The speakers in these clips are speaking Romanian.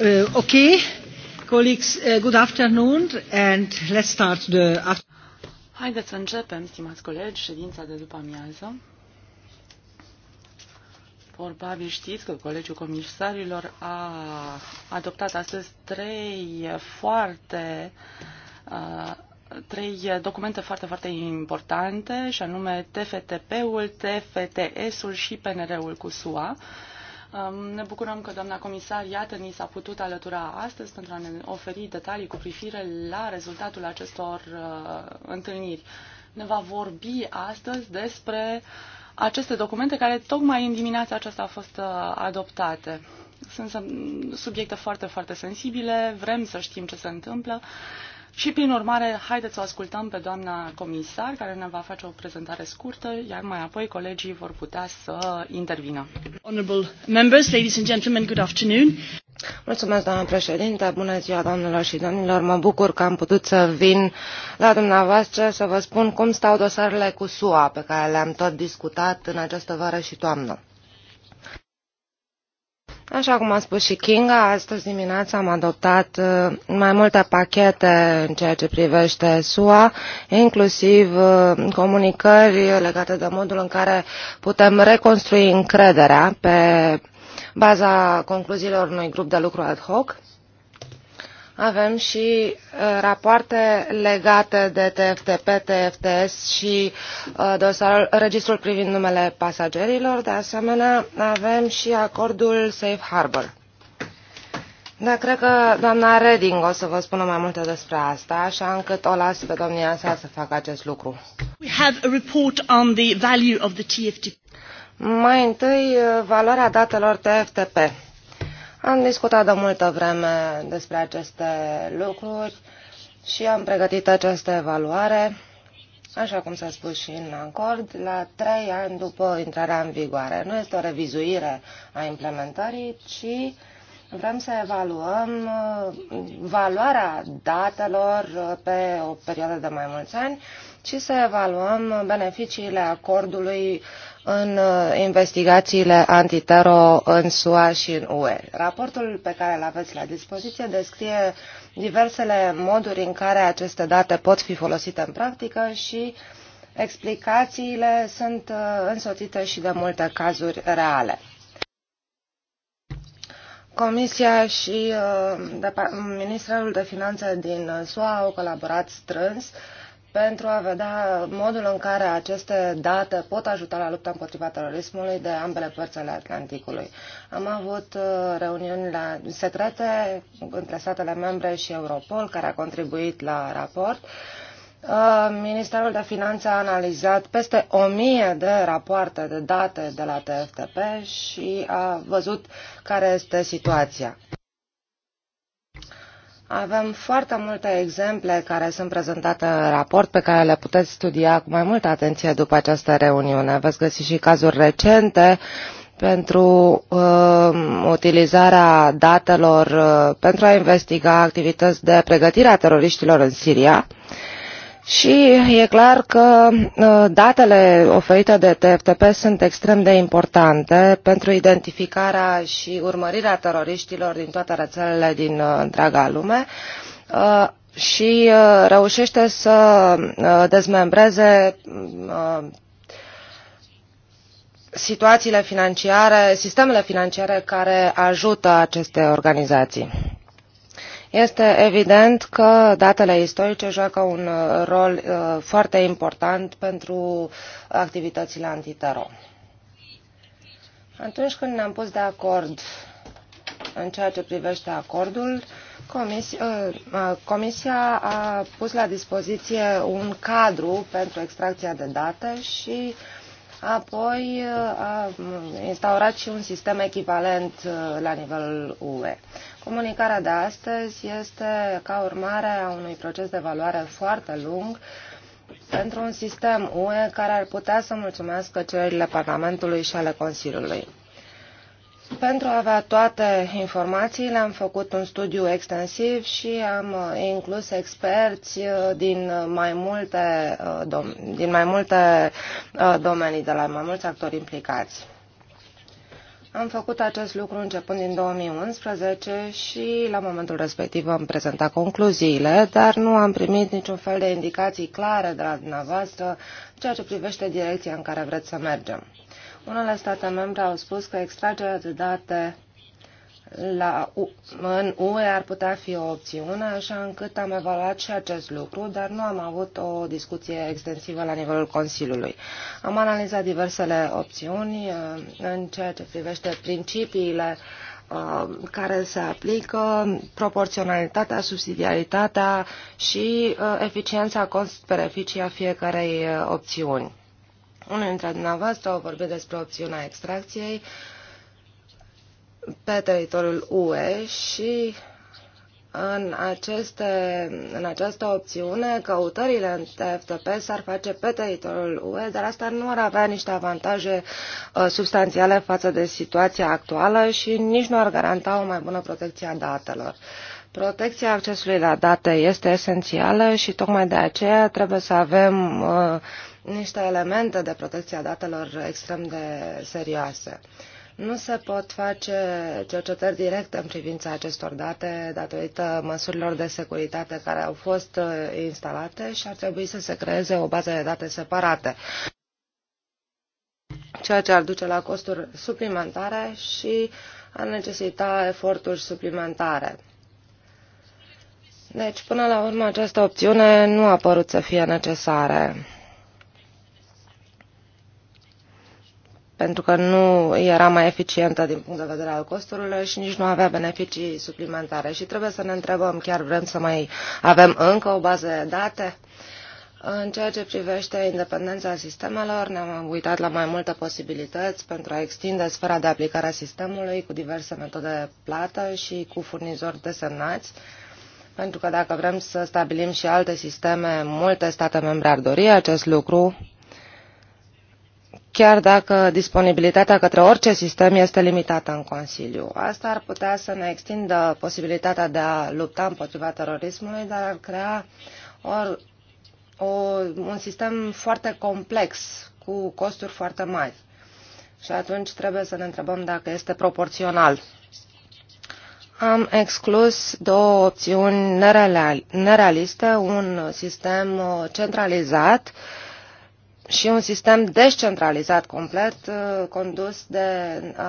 Uh, okay, colleagues, uh, good afternoon and let's start the Haideți să începem, stimați colegi, ședința de după amiază. Probabil știți că Colegiul Comisarilor a adoptat astăzi trei foarte uh, trei documente foarte, foarte importante, și anume TFTP-ul, TFTS-ul și PNR-ul cu SUA. Uh, Um, ne bucurăm că doamna comisar, iată, ni s-a putut alătura astăzi pentru a ne oferi detalii cu privire la rezultatul acestor uh, întâlniri. Ne va vorbi astăzi despre aceste documente care tocmai în dimineața aceasta au fost uh, adoptate. Sunt subiecte foarte, foarte sensibile, vrem să știm ce se întâmplă. Și, prin urmare, haideți să o ascultăm pe doamna comisar, care ne va face o prezentare scurtă, iar mai apoi colegii vor putea să intervină. Honorable members, ladies and gentlemen, good afternoon. Mulțumesc, doamnă președinte, bună ziua, doamnelor și domnilor. Mă bucur că am putut să vin la dumneavoastră să vă spun cum stau dosarele cu SUA, pe care le-am tot discutat în această vară și toamnă. Așa cum a spus și Kinga, astăzi dimineața am adoptat uh, mai multe pachete în ceea ce privește SUA, inclusiv uh, comunicări legate de modul în care putem reconstrui încrederea pe baza concluziilor unui grup de lucru ad hoc avem și uh, rapoarte legate de TFTP, TFTS și uh, dosarul, registrul privind numele pasagerilor. De asemenea, avem și acordul Safe Harbor. Da, cred că doamna Reding o să vă spună mai multe despre asta, așa încât o las pe domnia sa să facă acest lucru. We have a report on the value of the TFTP. Mai întâi, uh, valoarea datelor TFTP. Am discutat de multă vreme despre aceste lucruri și am pregătit această evaluare, așa cum s-a spus și în acord, la trei ani după intrarea în vigoare. Nu este o revizuire a implementării, ci vrem să evaluăm uh, valoarea datelor uh, pe o perioadă de mai mulți ani și să evaluăm beneficiile acordului în uh, investigațiile antitero în SUA și în UE. Raportul pe care îl aveți la dispoziție descrie diversele moduri în care aceste date pot fi folosite în practică și explicațiile sunt uh, însoțite și de multe cazuri reale. Comisia și uh, de, Ministerul de Finanțe din SUA au colaborat strâns uh, pentru a vedea modul în care aceste date pot ajuta la lupta împotriva terorismului de ambele părți ale Atlanticului. Am avut uh, reuniuni la secrete între statele membre și Europol, care a contribuit la raport. Uh, Ministerul de Finanțe a analizat peste o mie de rapoarte de date de la TFTP și a văzut care este situația. Avem foarte multe exemple care sunt prezentate în raport, pe care le puteți studia cu mai multă atenție după această reuniune. Veți găsi și cazuri recente pentru uh, utilizarea datelor uh, pentru a investiga activități de pregătire a teroriștilor în Siria și e clar că uh, datele oferite de TFTP sunt extrem de importante pentru identificarea și urmărirea teroriștilor din toate rețelele din uh, întreaga lume uh, și reușește să dezmembreze mm, situațiile financiare, sistemele financiare care ajută aceste organizații. Este evident că datele istorice joacă un uh, rol uh, foarte important pentru activitățile antitero. Atunci când ne-am pus de acord în ceea ce privește acordul, Comisia, uh, comisia a pus la dispoziție un cadru pentru extracția de date și uh, Apoi uh, a instaurat și un sistem echivalent uh, la nivelul UE. Comunicarea de astăzi este ca urmare a unui proces de evaluare foarte lung pentru un sistem UE care ar putea să mulțumească cererile Parlamentului și ale Consiliului. Pentru a avea toate informațiile am făcut un studiu extensiv și am uh, inclus experți uh, uh, din mai multe, din mai multe domenii, de la mai mulți actori implicați. Am făcut acest lucru începând din 2011 și la momentul respectiv am prezentat concluziile, dar nu am primit niciun fel de indicații clare de la dumneavoastră ceea ce privește direcția în care vreți să mergem. Unele state membre au spus că extragerea de date la, în UE ar putea fi o opțiune, așa încât am evaluat și acest lucru, dar nu am avut o discuție extensivă la nivelul Consiliului. Am analizat diversele opțiuni uh, în ceea ce privește principiile uh, care se aplică, proporționalitatea, subsidiaritatea și uh, eficiența cost-beneficii a fiecarei opțiuni. Unul dintre dumneavoastră au vorbit despre opțiunea extracției pe teritoriul UE și în, aceste, în această opțiune căutările în TFTP s-ar face pe teritoriul UE, dar asta nu ar avea niște avantaje uh, substanțiale față de situația actuală și nici nu ar garanta o mai bună protecție a datelor. Protecția accesului la date este esențială și tocmai de aceea trebuie să avem uh, niște elemente de protecție a datelor extrem de serioase. Nu se pot face cercetări directe în privința acestor date datorită măsurilor de securitate care au fost uh, instalate și ar trebui să se creeze o bază de date separate, ceea ce ar duce la costuri suplimentare și ar necesita eforturi suplimentare. Deci, până la urmă, această opțiune nu a părut să fie necesară. pentru că nu era mai eficientă din punct de vedere al costurilor și nici nu avea beneficii suplimentare. Și trebuie să ne întrebăm, chiar vrem să mai avem încă o bază de date? În ceea ce privește independența sistemelor, ne-am uitat la mai multe posibilități pentru a extinde sfera de aplicare a sistemului cu diverse metode de plată și cu furnizori desemnați, pentru că dacă vrem să stabilim și alte sisteme, multe state membre ar dori acest lucru, chiar dacă disponibilitatea către orice sistem este limitată în Consiliu. Asta ar putea să ne extindă posibilitatea de a lupta împotriva terorismului, dar ar crea or, o, un sistem foarte complex, cu costuri foarte mari. Și atunci trebuie să ne întrebăm dacă este proporțional. Am exclus două opțiuni nerealiste, un sistem uh, centralizat uh, și un sistem descentralizat complet uh, condus de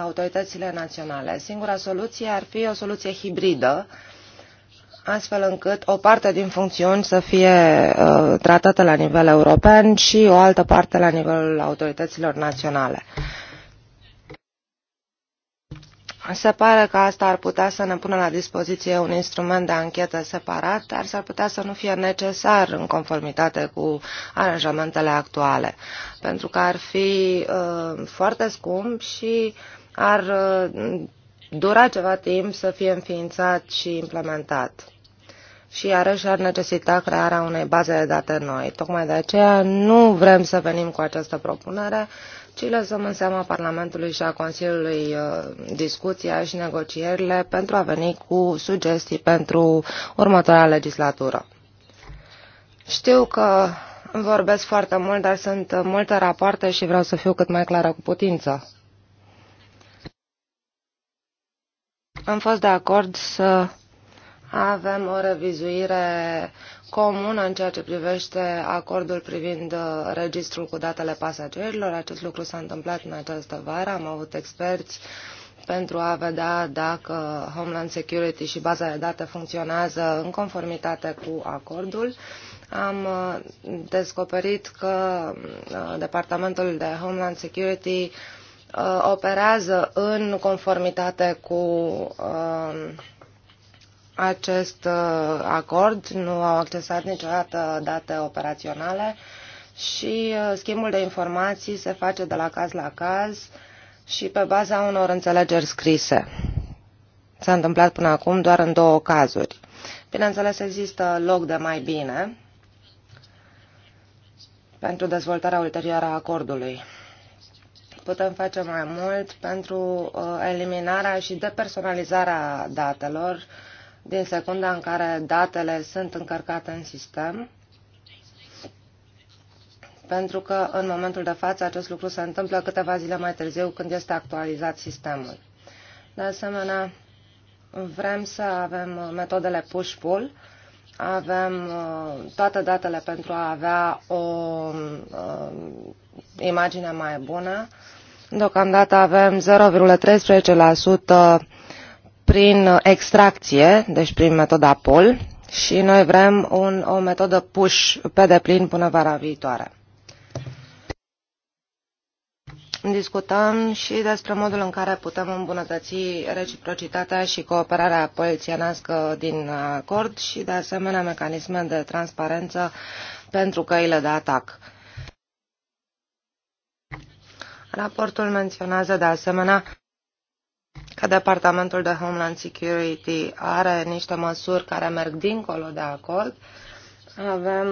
autoritățile naționale. Singura soluție ar fi o soluție hibridă, astfel încât o parte din funcțiuni să fie uh, tratată la nivel european și o altă parte la nivelul autorităților naționale. Se pare că asta ar putea să ne pună la dispoziție un instrument de anchetă separat, dar s-ar putea să nu fie necesar în conformitate cu aranjamentele actuale, pentru că ar fi uh, foarte scump și ar uh, dura ceva timp să fie înființat și implementat și iarăși ar necesita crearea unei baze de date noi. Tocmai de aceea nu vrem să venim cu această propunere, uh, ci lăsăm în seama Parlamentului și a Consiliului uh, discuția și negocierile pentru a veni cu sugestii pentru următoarea legislatură. Știu că vorbesc foarte mult, dar sunt multe rapoarte și vreau să fiu cât mai clară cu putință. Am fost de acord să avem o revizuire comună în ceea ce privește acordul privind uh, registrul cu datele pasagerilor. Acest lucru s-a întâmplat în această vară. Am avut experți pentru a vedea dacă Homeland Security și baza de date funcționează în conformitate cu acordul. Am uh, descoperit că uh, Departamentul de Homeland Security operează în conformitate cu acest uh, acord, nu au accesat niciodată date operaționale și uh, schimbul de informații se face de la caz la caz și pe baza unor înțelegeri scrise. S-a întâmplat până acum doar în două cazuri. Bineînțeles, există loc de mai bine pentru dezvoltarea ulterioară a acordului. Putem face mai mult pentru uh, eliminarea și depersonalizarea datelor din secunda în care datele sunt încărcate în sistem, pentru că în momentul de față acest lucru se întâmplă câteva zile mai târziu când este actualizat sistemul. De asemenea, vrem să avem metodele push-pull, avem uh, toate datele pentru a avea o uh, imagine mai bună. Deocamdată avem 0,13% prin extracție, deci prin metoda POL, și noi vrem un, o metodă push pe deplin până vara viitoare. Discutăm și despre modul în care putem îmbunătăți reciprocitatea și cooperarea polițienească din acord și, de asemenea, mecanisme de transparență pentru căile de atac. Raportul menționează, de asemenea, că Departamentul de Homeland Security are niște măsuri care merg dincolo de acord. Avem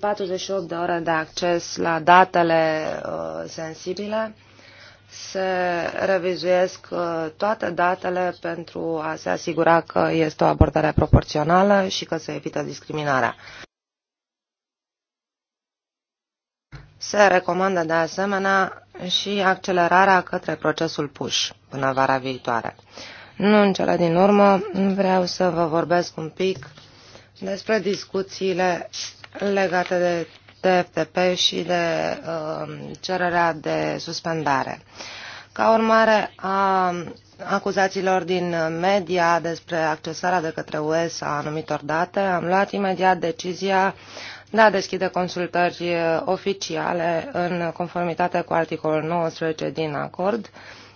48 uh, de ore de acces la datele uh, sensibile. Se revizuiesc uh, toate datele pentru a se asigura că este o abordare proporțională și că se evită discriminarea. Se recomandă de asemenea și accelerarea către procesul PUSH până vara viitoare. Nu în cele din urmă, vreau să vă vorbesc un pic despre discuțiile legate de TFTP și de uh, cererea de suspendare. Ca urmare a acuzațiilor din media despre accesarea de către US a anumitor date, am luat imediat decizia da deschide consultări oficiale în conformitate cu articolul 19 din acord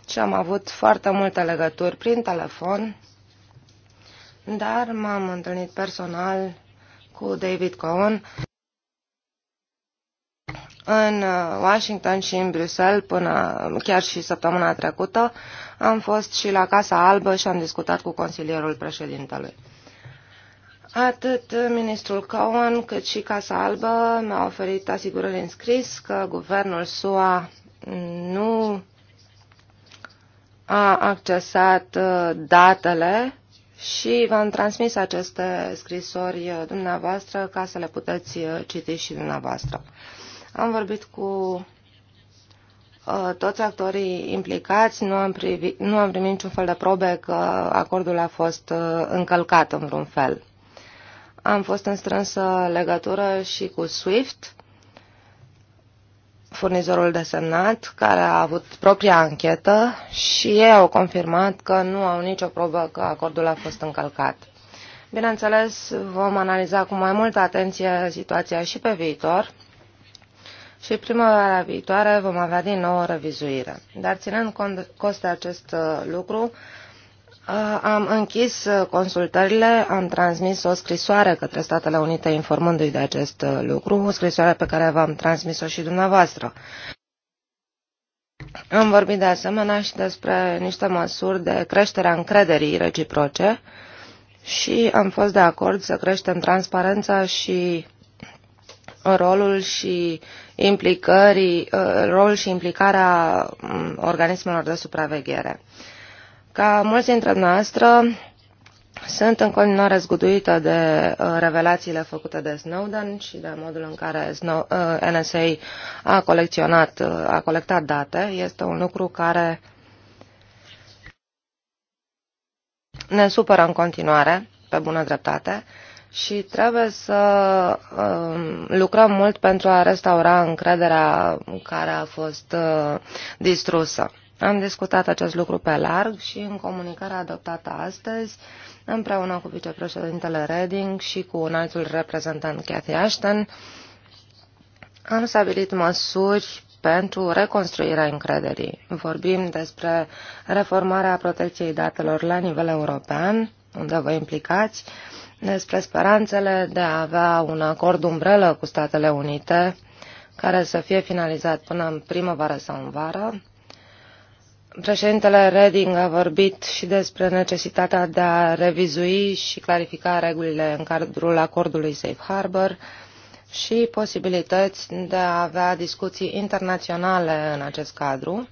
și am avut foarte multe legături prin telefon, dar m-am întâlnit personal cu David Cohen în uh, Washington și în Bruxelles până chiar și săptămâna trecută. Am fost și la Casa Albă și am discutat cu consilierul președintelui. Atât ministrul Cohen cât și Casa Albă mi-au oferit asigurări în scris că guvernul SUA nu a accesat uh, datele și v-am transmis aceste scrisori uh, dumneavoastră ca să le puteți uh, citi și dumneavoastră. Am vorbit cu toți actorii implicați, nu am, privit, nu am primit niciun fel de probe că acordul a fost încălcat în vreun fel. Am fost în strânsă legătură și cu SWIFT, furnizorul desemnat, care a avut propria anchetă și ei au confirmat că nu au nicio probă că acordul a fost încălcat. Bineînțeles, vom analiza cu mai multă atenție situația și pe viitor și primăvara viitoare vom avea din nou o revizuire. Dar ținând cont de acest uh, lucru, Uh, am închis uh, consultările, am transmis o scrisoare către Statele Unite informându-i de acest uh, lucru, o scrisoare pe care v-am transmis-o și dumneavoastră. Am vorbit de asemenea și despre niște măsuri de creștere a încrederii reciproce și am fost de acord să creștem transparența și rolul și implicării, rol și implicarea mm, organismelor de supraveghere. Ca mulți dintre noastră, sunt în continuare zguduită de uh, revelațiile făcute de Snowden și de modul în care NSA uh, a colecționat, uh, a colectat date. Este un lucru care ne supără în continuare, pe bună dreptate, și trebuie să um, lucrăm mult pentru a restaura încrederea care a fost distrusă. Am discutat acest lucru pe larg și în comunicarea adoptată astăzi, împreună cu vicepreședintele Reding și cu un altul reprezentant Cathy Ashton, am stabilit măsuri pentru reconstruirea încrederii. Vorbim despre reformarea protecției datelor la nivel european, unde vă implicați, despre speranțele de a avea un acord umbrelă cu Statele Unite, care să fie finalizat până în primăvară sau în vară, Președintele Reding a vorbit și despre necesitatea de a revizui și clarifica regulile în cadrul acordului Safe Harbor și posibilități de a avea discuții internaționale în acest cadru.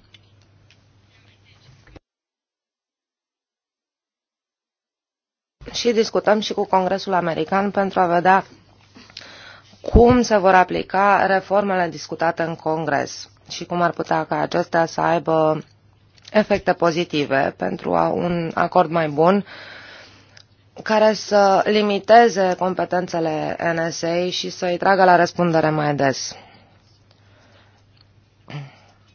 Și discutăm și cu Congresul American pentru a vedea cum se vor aplica reformele discutate în Congres și cum ar putea ca acestea să aibă efecte pozitive pentru a un acord mai bun care să limiteze competențele NSA și să îi tragă la răspundere mai des.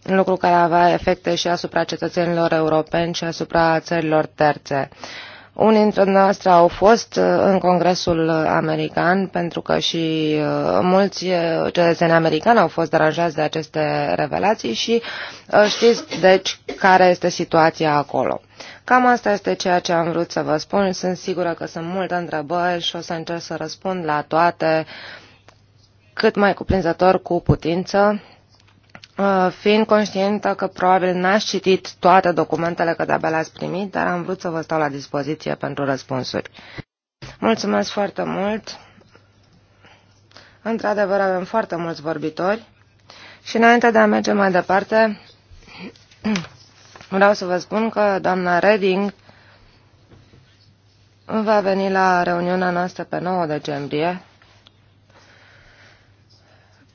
Lucru care avea efecte și asupra cetățenilor europeni și asupra țărilor terțe. Uh, unii dintre noastre au fost uh, în Congresul uh, American, pentru că și uh, mulți cetățeni americani au fost deranjați de aceste revelații și știți, deci, care este situația acolo. Cam asta este ceea ce am vrut să vă spun. Sunt sigură că sunt multe întrebări și o să încerc să răspund la toate cât mai cuprinzător cu putință Uh, fiind conștientă că probabil n-ați citit toate documentele că de-abia le-ați primit, dar am vrut să vă stau la dispoziție pentru răspunsuri. Mulțumesc foarte mult! Într-adevăr, avem foarte mulți vorbitori și înainte de a merge mai departe, vreau să vă spun că doamna Reding va veni la reuniunea noastră pe 9 decembrie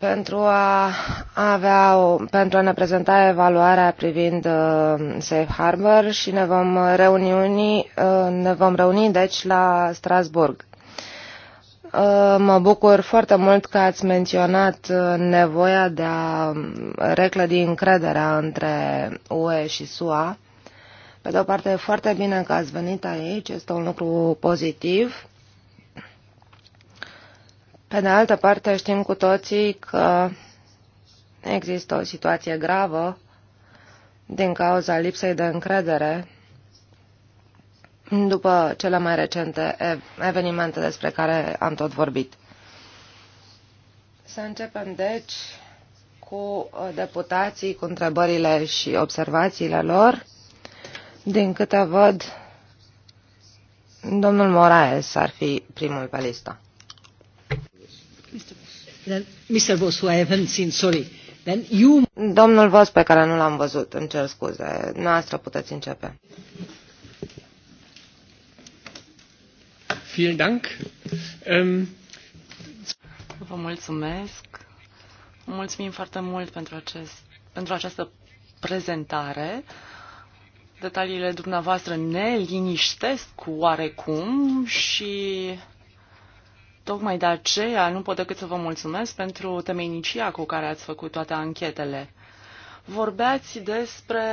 pentru a, avea o, pentru a ne prezenta evaluarea privind uh, Safe Harbor și ne vom, reuniuni, uh, ne vom reuni deci la Strasburg. Uh, mă bucur foarte mult că ați menționat uh, nevoia de a reclădi încrederea între UE și SUA. Pe de o parte, e foarte bine că ați venit aici, este un lucru pozitiv pe de altă parte, știm cu toții că există o situație gravă din cauza lipsei de încredere după cele mai recente evenimente despre care am tot vorbit. Să începem, deci, cu deputații, cu întrebările și observațiile lor. Din câte văd, domnul Moraes ar fi primul pe listă. Domnul Voss, pe care nu l-am văzut, îmi cer scuze. Noastră puteți începe. Vielen Dank. Um... Vă mulțumesc. Mulțumim foarte mult pentru, acest, pentru această prezentare. Detaliile dumneavoastră ne liniștesc oarecum și Tocmai de aceea nu pot decât să vă mulțumesc pentru temenicia cu care ați făcut toate anchetele. Vorbeați despre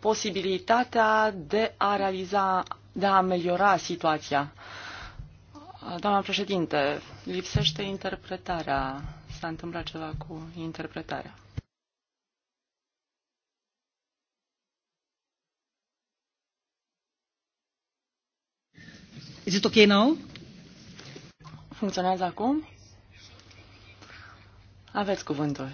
posibilitatea de a realiza, de a ameliora situația. Doamna președinte, lipsește interpretarea. S-a întâmplat ceva cu interpretarea. Is it okay now? Funcționează acum? Aveți cuvântul.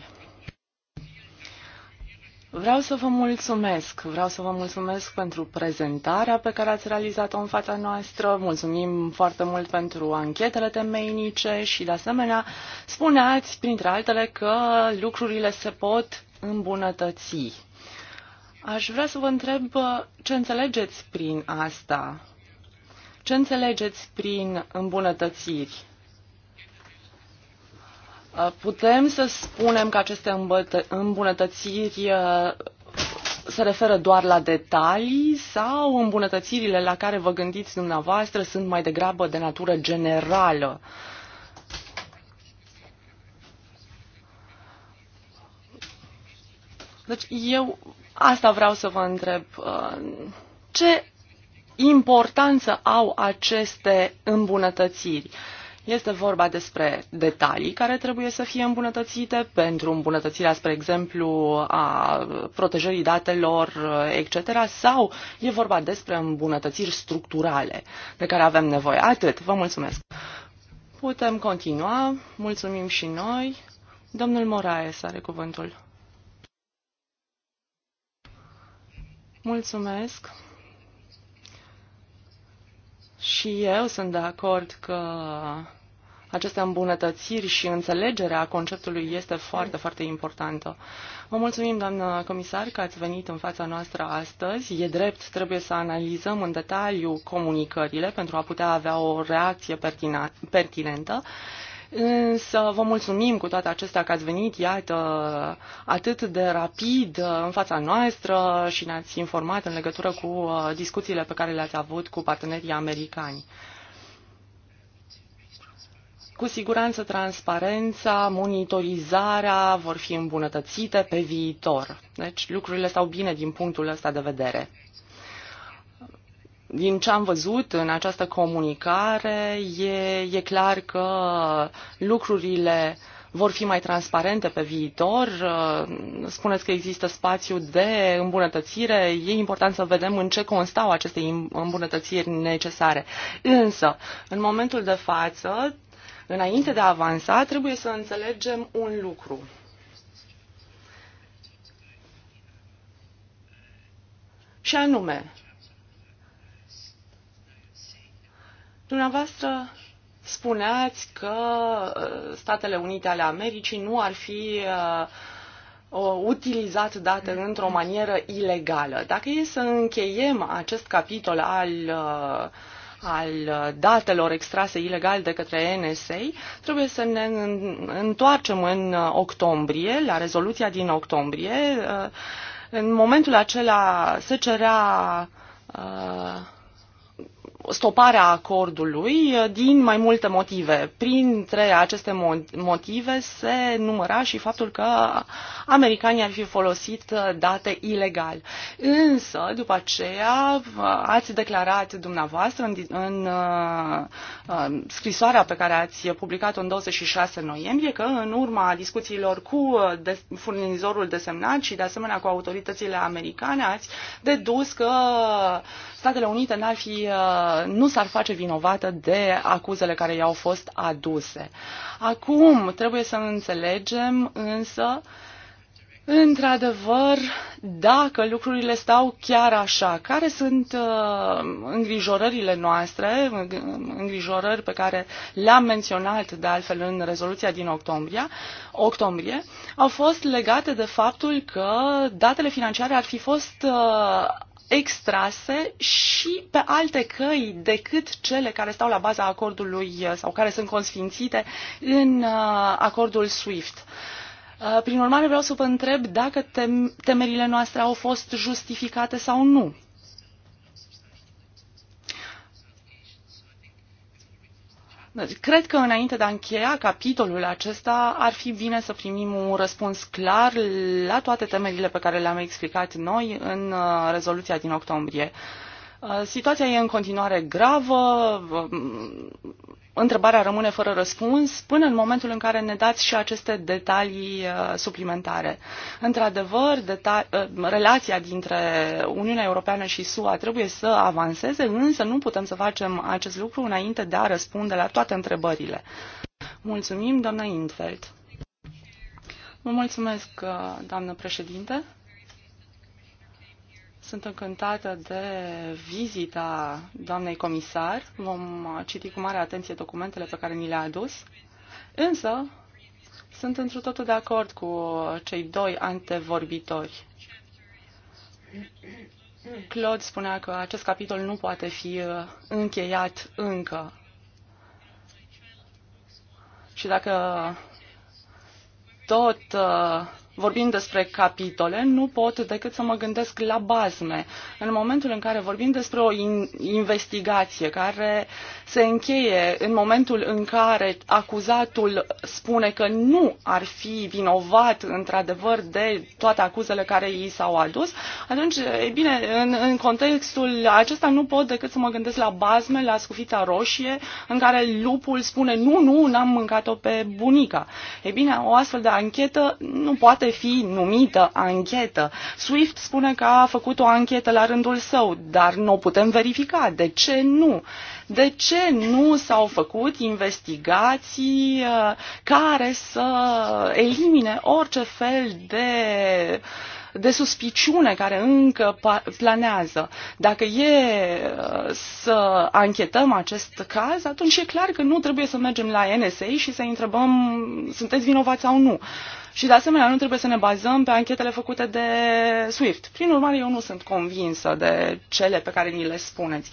Vreau să vă mulțumesc. Vreau să vă mulțumesc pentru prezentarea pe care ați realizat-o în fața noastră. Mulțumim foarte mult pentru anchetele temeinice și, de asemenea, spuneați, printre altele, că lucrurile se pot îmbunătăți. Aș vrea să vă întreb ce înțelegeți prin asta. Ce înțelegeți prin îmbunătățiri? Uh, putem să spunem că aceste îmbunătățiri uh, se referă doar la detalii sau îmbunătățirile la care vă gândiți dumneavoastră sunt mai degrabă de natură generală? Deci eu asta vreau să vă întreb. Uh, ce importanță au aceste îmbunătățiri? Uh, este vorba despre detalii care trebuie să fie îmbunătățite pentru îmbunătățirea, spre exemplu, a protejării datelor, etc. Sau e vorba despre îmbunătățiri structurale de care avem nevoie. Atât. Vă mulțumesc. Putem continua. Mulțumim și noi. Domnul Moraes are cuvântul. Mulțumesc. Și eu sunt de acord că aceste îmbunătățiri și înțelegerea conceptului este foarte, foarte importantă. Vă mulțumim, doamnă comisar, că ați venit în fața noastră astăzi. E drept, trebuie să analizăm în detaliu comunicările pentru a putea avea o reacție pertinentă. Însă vă mulțumim cu toate acestea că ați venit, iată, atât de rapid în fața noastră și ne-ați informat în legătură cu uh, discuțiile pe care le-ați avut cu partenerii americani. Cu siguranță transparența, monitorizarea vor fi îmbunătățite pe viitor. Deci lucrurile stau bine din punctul ăsta de vedere. Din ce am văzut în această comunicare, e, e clar că lucrurile vor fi mai transparente pe viitor. Spuneți că există spațiu de îmbunătățire. E important să vedem în ce constau aceste îmbunătățiri necesare. Însă, în momentul de față, Înainte de a avansa, trebuie să înțelegem un lucru. Și anume, dumneavoastră spuneați că uh, Statele Unite ale Americii nu ar fi uh, utilizat date într-o manieră ilegală. Dacă e să încheiem acest capitol al uh, al uh, datelor extrase ilegal de către NSA, trebuie să ne întoarcem în uh, octombrie, la rezoluția din octombrie. Uh, în momentul acela se cerea stoparea acordului uh, din mai multe motive. Printre aceste motive se număra și faptul că americanii ar fi folosit uh, date ilegal. Însă, după aceea, uh, ați declarat dumneavoastră în, în scrisoarea pe care ați publicat-o în 26 noiembrie că în urma discuțiilor cu de, furnizorul desemnat și de asemenea cu autoritățile americane ați dedus că Statele Unite n-ar fi, uh, nu s-ar face vinovată de acuzele care i-au fost aduse. Acum trebuie să înțelegem însă Într-adevăr, dacă lucrurile stau chiar așa, care sunt uh, îngrijorările noastre, îngrijorări pe care le-am menționat de altfel în rezoluția din octombrie, octombrie, au fost legate de faptul că datele financiare ar fi fost uh, extrase și pe alte căi decât cele care stau la baza acordului uh, sau care sunt consfințite în uh, acordul SWIFT. Uh, prin urmare, vreau să vă întreb dacă temerile noastre au fost justificate sau nu. Cred că înainte de a încheia capitolul acesta ar fi bine să primim un răspuns clar la toate temerile pe care le-am explicat noi în uh, rezoluția din octombrie. Uh, situația e în continuare gravă, întrebarea rămâne fără răspuns până în momentul în care ne dați și aceste detalii uh, suplimentare. Într-adevăr, uh, relația dintre Uniunea Europeană și SUA trebuie să avanseze, însă nu putem să facem acest lucru înainte de a răspunde la toate întrebările. Mulțumim, doamna Infeld. Vă mulțumesc, uh, doamnă președinte. Sunt încântată de vizita doamnei comisar. Vom citi cu mare atenție documentele pe care ni le-a adus. Însă, sunt într totul de acord cu cei doi antevorbitori. Claude spunea că acest capitol nu poate fi uh, încheiat încă. Și dacă tot uh, vorbim despre capitole, nu pot decât să mă gândesc la bazme. În momentul în care vorbim despre o in- investigație care se încheie în momentul în care acuzatul spune că nu ar fi vinovat într-adevăr de toate acuzele care i s-au adus, atunci, e bine, în, în contextul acesta nu pot decât să mă gândesc la bazme, la scufița roșie, în care lupul spune nu, nu, n-am mâncat-o pe bunica. E bine, o astfel de anchetă nu poate poate fi numită anchetă. SWIFT spune că a făcut o anchetă la rândul său, dar nu o putem verifica. De ce nu? De ce nu s-au făcut investigații uh, care să elimine orice fel de uh, de suspiciune care încă planează. Dacă e uh, să anchetăm acest caz, atunci e clar că nu trebuie să mergem la NSA și să întrebăm sunteți vinovați sau nu. Și de asemenea nu trebuie să ne bazăm pe anchetele făcute de SWIFT. Prin urmare, eu nu sunt convinsă de cele pe care ni le spuneți.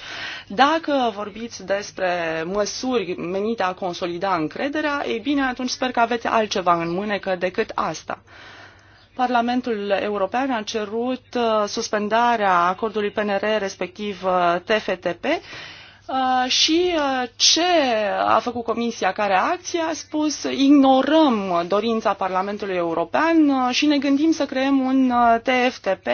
Dacă vorbiți despre măsuri menite a consolida încrederea, ei bine, atunci sper că aveți altceva în mânecă decât asta. Parlamentul European a cerut uh, suspendarea acordului PNR, respectiv uh, TFTP, uh, și ce a făcut Comisia care acție? A spus ignorăm dorința Parlamentului European și ne gândim să creăm un TFTP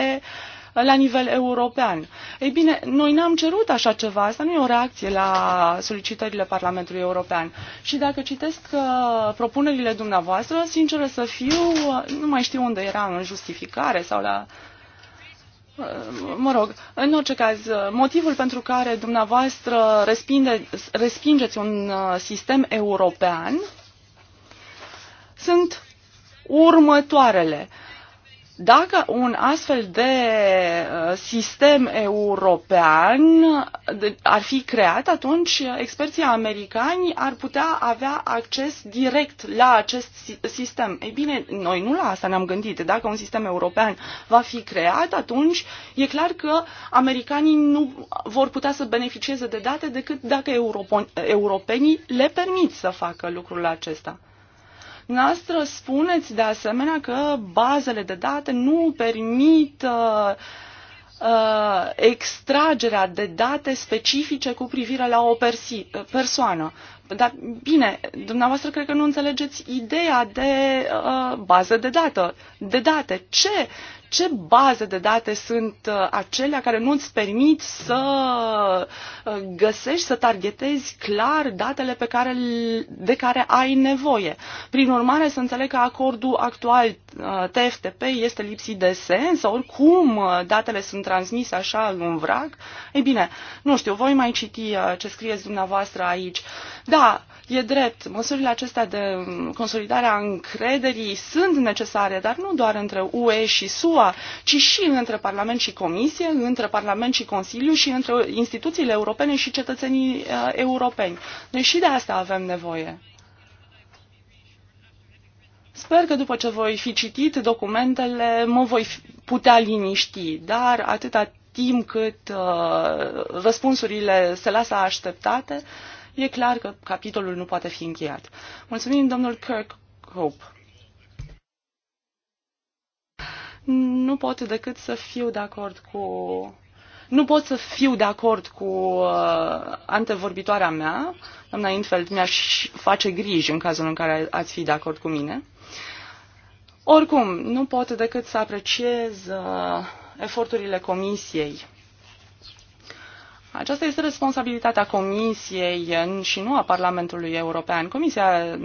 la nivel european. Ei bine, noi n-am cerut așa ceva, asta nu e o reacție la solicitările Parlamentului European. Și dacă citesc uh, propunerile dumneavoastră, sinceră să fiu, uh, nu mai știu unde era în justificare sau la uh, mă rog, în orice caz, motivul pentru care dumneavoastră respinde, respingeți un sistem european sunt următoarele. Uh, dacă un astfel de uh, sistem european ar fi creat, atunci experții americani ar putea avea acces direct la acest sistem. Ei bine, noi nu la asta ne-am gândit. Dacă un sistem european va fi creat, atunci e clar că americanii nu vor putea să beneficieze de date decât dacă europenii le permit să facă lucrul acesta. Noastră spuneți de asemenea că bazele de date nu permit uh, uh extragerea de date specifice cu privire la o uh, persoană. Dar bine, dumneavoastră cred că nu înțelegeți ideea de uh, bază de, dată, de date. Ce, ce baze de date sunt uh, acelea care nu îți permit să uh, găsești, să targetezi clar datele pe care, de care ai nevoie. Prin urmare, să înțeleg că acordul actual uh, TFTP este lipsit de sens, oricum datele sunt transmise așa în un vrag. Ei bine, nu știu, voi mai citi ce scrieți dumneavoastră aici. Da, e drept, măsurile acestea de consolidare a încrederii sunt necesare, dar nu doar între UE și SUA, ci și între Parlament și Comisie, între Parlament și Consiliu și între instituțiile europene și cetățenii uh, europeni. Noi deci și de asta avem nevoie. Sper că după ce voi fi citit documentele, mă voi putea liniști, dar atâta timp cât uh, răspunsurile se lasă așteptate, uh, e clar că capitolul nu poate fi încheiat. Mulțumim, domnul Kirkhope. Nu pot decât să fiu de acord cu nu pot să fiu de acord cu uh, antevorbitoarea mea. Doamna Infeld mi-aș face griji în cazul în care ați fi de acord cu mine. Oricum, nu pot decât să apreciez uh, eforturile comisiei aceasta este responsabilitatea Comisiei și nu a Parlamentului European. Comisia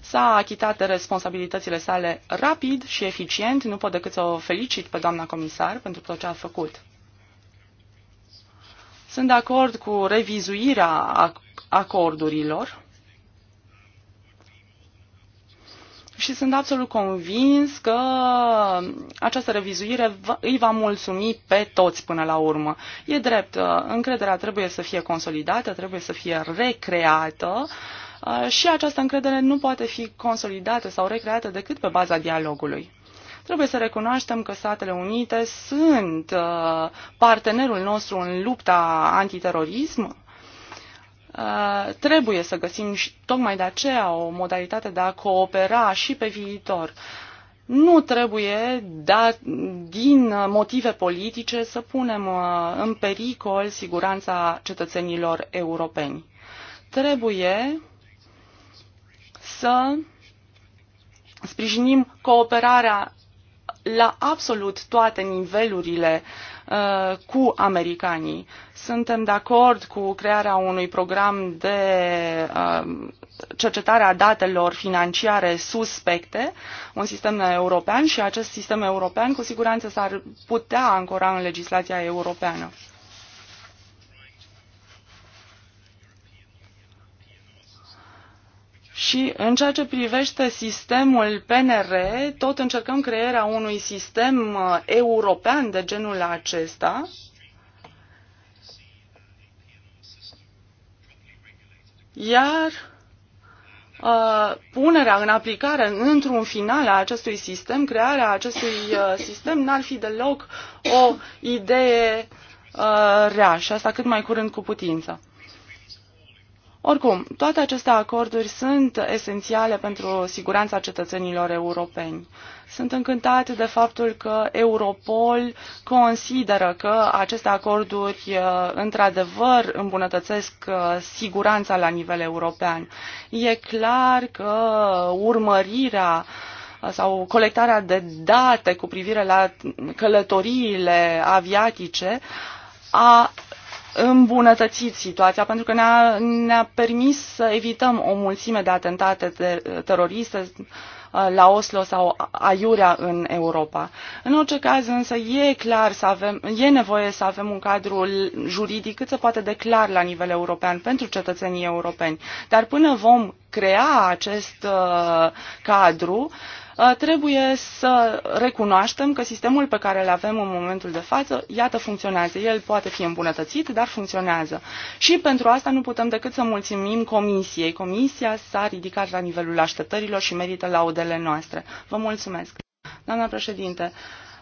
s-a achitat de responsabilitățile sale rapid și eficient. Nu pot decât să o felicit pe doamna comisar pentru tot ce a făcut. Sunt de acord cu revizuirea acordurilor și sunt absolut convins că această revizuire îi va mulțumi pe toți până la urmă. E drept, uh, încrederea trebuie să fie consolidată, trebuie să fie recreată uh, și această încredere nu poate fi consolidată sau recreată decât pe baza dialogului. Trebuie să recunoaștem că Statele Unite sunt uh, partenerul nostru în lupta antiterorism, Uh, trebuie să găsim și tocmai de aceea o modalitate de a coopera și pe viitor. Nu trebuie, da, din motive politice, să punem uh, în pericol siguranța cetățenilor europeni. Trebuie să sprijinim cooperarea la absolut toate nivelurile uh, Uh, cu americanii. Suntem de acord cu crearea unui program de uh, cercetare a datelor financiare suspecte, un sistem european și acest sistem european cu siguranță s-ar putea ancora în legislația europeană. Și în ceea ce privește sistemul PNR, tot încercăm crearea unui sistem uh, european de genul acesta, iar uh, punerea în aplicare într-un final a acestui sistem, crearea acestui uh, sistem, n-ar fi deloc o idee uh, rea și asta cât mai curând cu putință. Oricum, toate aceste acorduri sunt esențiale pentru siguranța cetățenilor europeni. Sunt încântat de faptul că Europol consideră că aceste acorduri uh, într-adevăr îmbunătățesc uh, siguranța la nivel european. E clar că urmărirea uh, sau colectarea de date cu privire la călătoriile aviatice a îmbunătățit situația, pentru că ne-a, ne-a permis să evităm o mulțime de atentate teroriste uh, la Oslo sau aiurea în Europa. În orice caz, însă, e clar să avem, e nevoie să avem un cadru juridic cât se poate de clar la nivel european pentru cetățenii europeni. Dar până vom crea acest uh, cadru, uh, Uh, trebuie să recunoaștem că sistemul pe care îl avem în momentul de față, iată, funcționează. El poate fi îmbunătățit, dar funcționează. Și pentru asta nu putem decât să mulțumim Comisiei. Comisia s-a ridicat la nivelul așteptărilor și merită laudele noastre. Vă mulțumesc. Doamna președinte,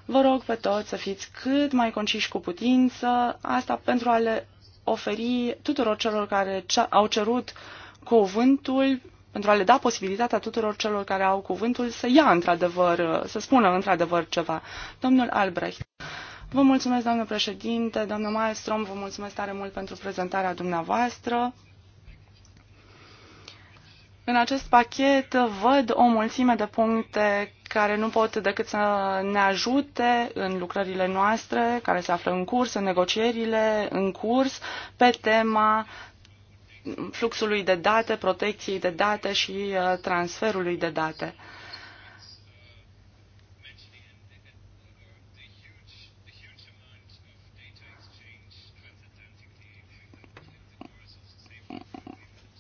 vă rog pe toți să fiți cât mai conciși cu putință, asta pentru a le oferi tuturor celor care au cerut cuvântul pentru a le da posibilitatea tuturor celor care au cuvântul să ia într-adevăr, să spună într-adevăr ceva. Domnul Albrecht. Vă mulțumesc, doamnă președinte, doamnă Maestrom, vă mulțumesc tare mult pentru prezentarea dumneavoastră. În acest pachet văd o mulțime de puncte care nu pot decât să ne ajute în lucrările noastre, care se află în curs, în negocierile în curs, pe tema fluxului de date, protecției de date și uh, transferului de date.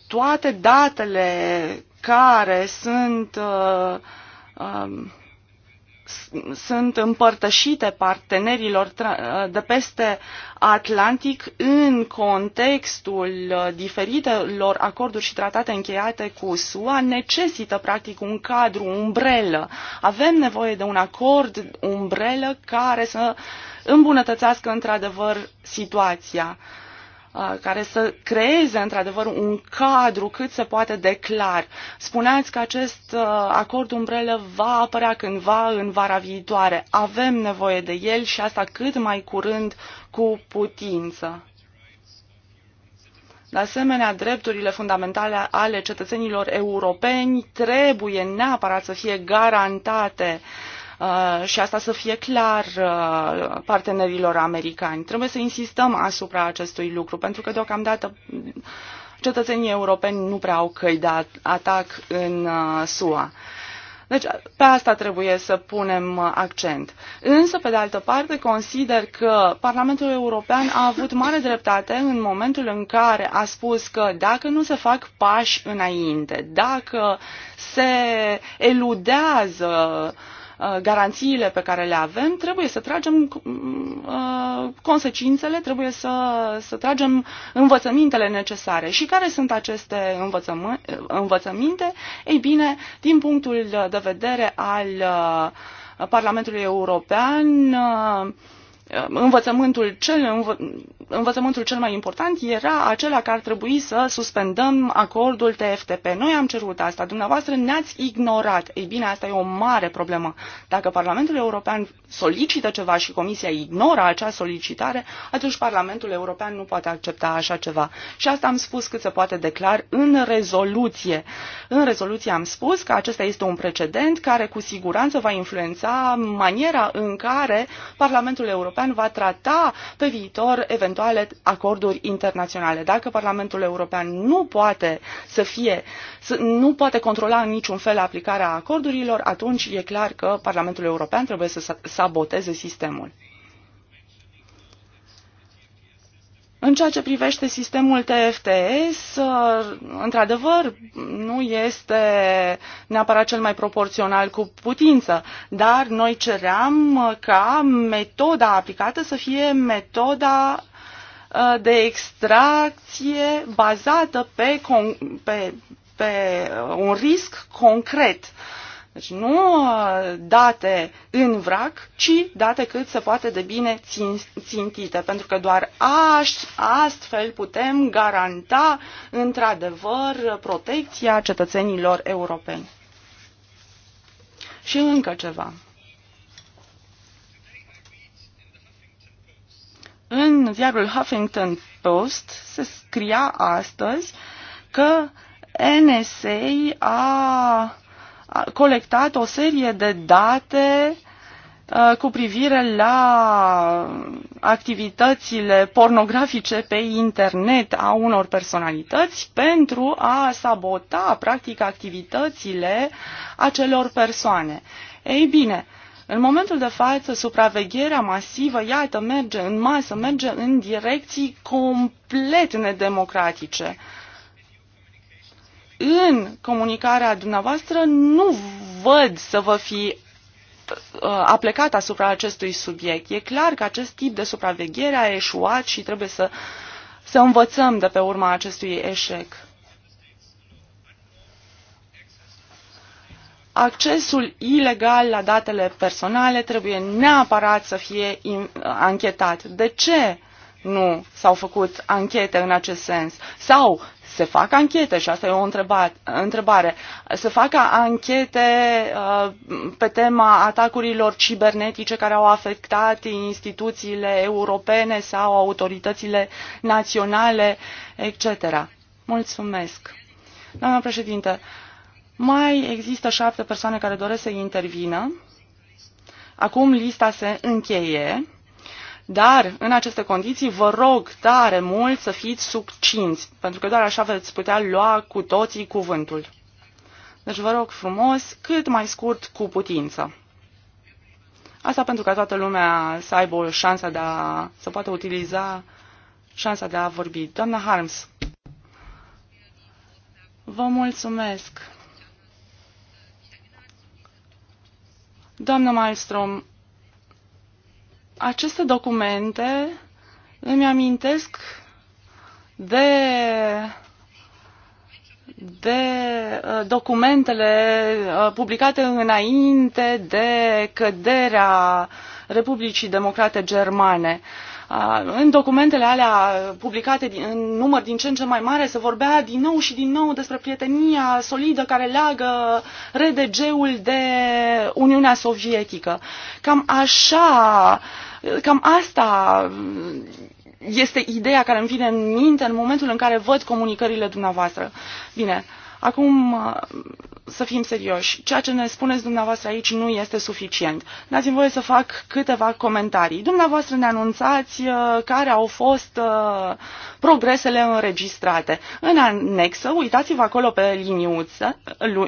Toate datele care sunt uh, um, sunt împărtășite partenerilor de peste Atlantic în contextul diferitelor acorduri și tratate încheiate cu SUA necesită practic un cadru umbrelă. Avem nevoie de un acord umbrelă care să îmbunătățească într-adevăr situația. Uh, care să creeze într-adevăr un cadru cât se poate de clar. Spuneați că acest uh, acord umbrelă va apărea cândva în vara viitoare. Avem nevoie de el și asta cât mai curând cu putință. De asemenea, drepturile fundamentale ale cetățenilor europeni trebuie neapărat să fie garantate uh, Uh, și asta să fie clar uh, partenerilor americani. Trebuie să insistăm asupra acestui lucru, pentru că deocamdată cetățenii europeni nu prea au căi de atac în uh, SUA. Deci pe asta trebuie să punem accent. Însă, pe de altă parte, consider că Parlamentul European a avut mare dreptate în momentul în care a spus că dacă nu se fac pași înainte, dacă se eludează Uh, garanțiile pe care le avem, trebuie să tragem mm, uh, consecințele, trebuie să, să tragem învățămintele necesare. Și care sunt aceste uh, învățăminte? Ei bine, din punctul de vedere al Parlamentului European, Ehm, învățământul cel, învă, învățământul cel mai important era acela că ar trebui să suspendăm acordul TFTP. Noi am cerut asta, dumneavoastră ne-ați ignorat. Ei bine, asta e o mare problemă. Dacă Parlamentul European solicită ceva și Comisia ignoră acea solicitare, atunci Parlamentul European nu poate accepta așa ceva. Și asta am spus cât se poate declar în rezoluție. În rezoluție am spus că acesta este un precedent care cu siguranță va influența maniera în care Parlamentul European European va trata pe viitor eventuale acorduri internaționale. Dacă Parlamentul European nu poate să fie, să, nu poate controla în niciun fel aplicarea acordurilor, atunci e clar că Parlamentul European trebuie să saboteze sistemul. În ceea ce privește sistemul TFTS, ă, într-adevăr, nu este neapărat cel mai proporțional cu putință, dar noi ceream ă, ca metoda aplicată să fie metoda ă, de extracție bazată pe, pe, pe un risc concret. Uh, deci nu uh, date în vrac, ci date cât se poate de bine țintite, pentru că doar aș astfel putem garanta într-adevăr protecția cetățenilor europeni. Și încă ceva. În ziarul Huffington Post se scria astăzi că NSA a colectat o serie de date uh, cu privire la activitățile pornografice pe internet a unor personalități pentru a sabota, practic, activitățile acelor persoane. Ei bine, în momentul de față, supravegherea masivă, iată, merge în masă, merge în direcții complet nedemocratice. Uh, în comunicarea dumneavoastră nu văd să vă fi uh, a plecat asupra acestui subiect. E clar că acest tip de supraveghere a eșuat și trebuie să, să învățăm de pe urma acestui eșec. Accesul ilegal la datele personale trebuie neapărat să fie anchetat. De ce nu s-au făcut anchete în acest sens? Sau se fac anchete și asta e o întrebare. Se fac anchete uh, pe tema atacurilor cibernetice care au afectat instituțiile europene sau autoritățile naționale, etc. Mulțumesc. Doamna președinte, mai există șapte persoane care doresc să intervină. Acum lista se încheie. Dar, în aceste condiții, vă rog tare mult să fiți subcinți, pentru că doar așa veți putea lua cu toții cuvântul. Deci vă rog frumos, cât mai scurt cu putință. Asta pentru ca toată lumea să aibă o șansă de a, să poată utiliza șansa de a vorbi. Doamna Harms, vă mulțumesc. Doamna Maelstrom, aceste documente îmi amintesc de de uh, documentele uh, publicate înainte de căderea Republicii Democrate Germane. Uh, în documentele alea publicate în număr din ce în ce mai mare se vorbea din nou și din nou despre prietenia solidă care leagă RDG-ul de Uniunea Sovietică. Cam așa uh, Cam asta este ideea care îmi vine în minte în momentul în care văd comunicările dumneavoastră. Bine, Acum, uh, să fim serioși, ceea ce ne spuneți dumneavoastră aici nu este suficient. Dați-mi voie să fac câteva comentarii. Dumneavoastră ne anunțați uh, care au fost uh, progresele înregistrate. În anexă, uitați-vă acolo pe liniuță,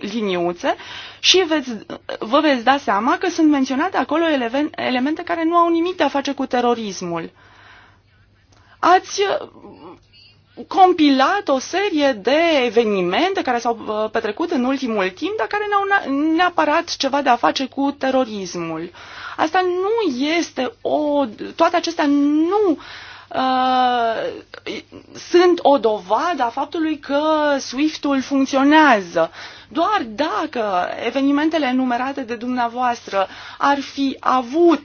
liniuțe și veți, vă veți da seama că sunt menționate acolo elemente care nu au nimic de a face cu terorismul. Ați compilat o serie de evenimente care s-au uh, petrecut în ultimul timp, dar care n-au neapărat ceva de a face cu terorismul. Asta nu este o... Toate acestea nu uh, sunt o dovadă a faptului că SWIFT-ul funcționează. Doar dacă evenimentele enumerate de dumneavoastră ar fi avut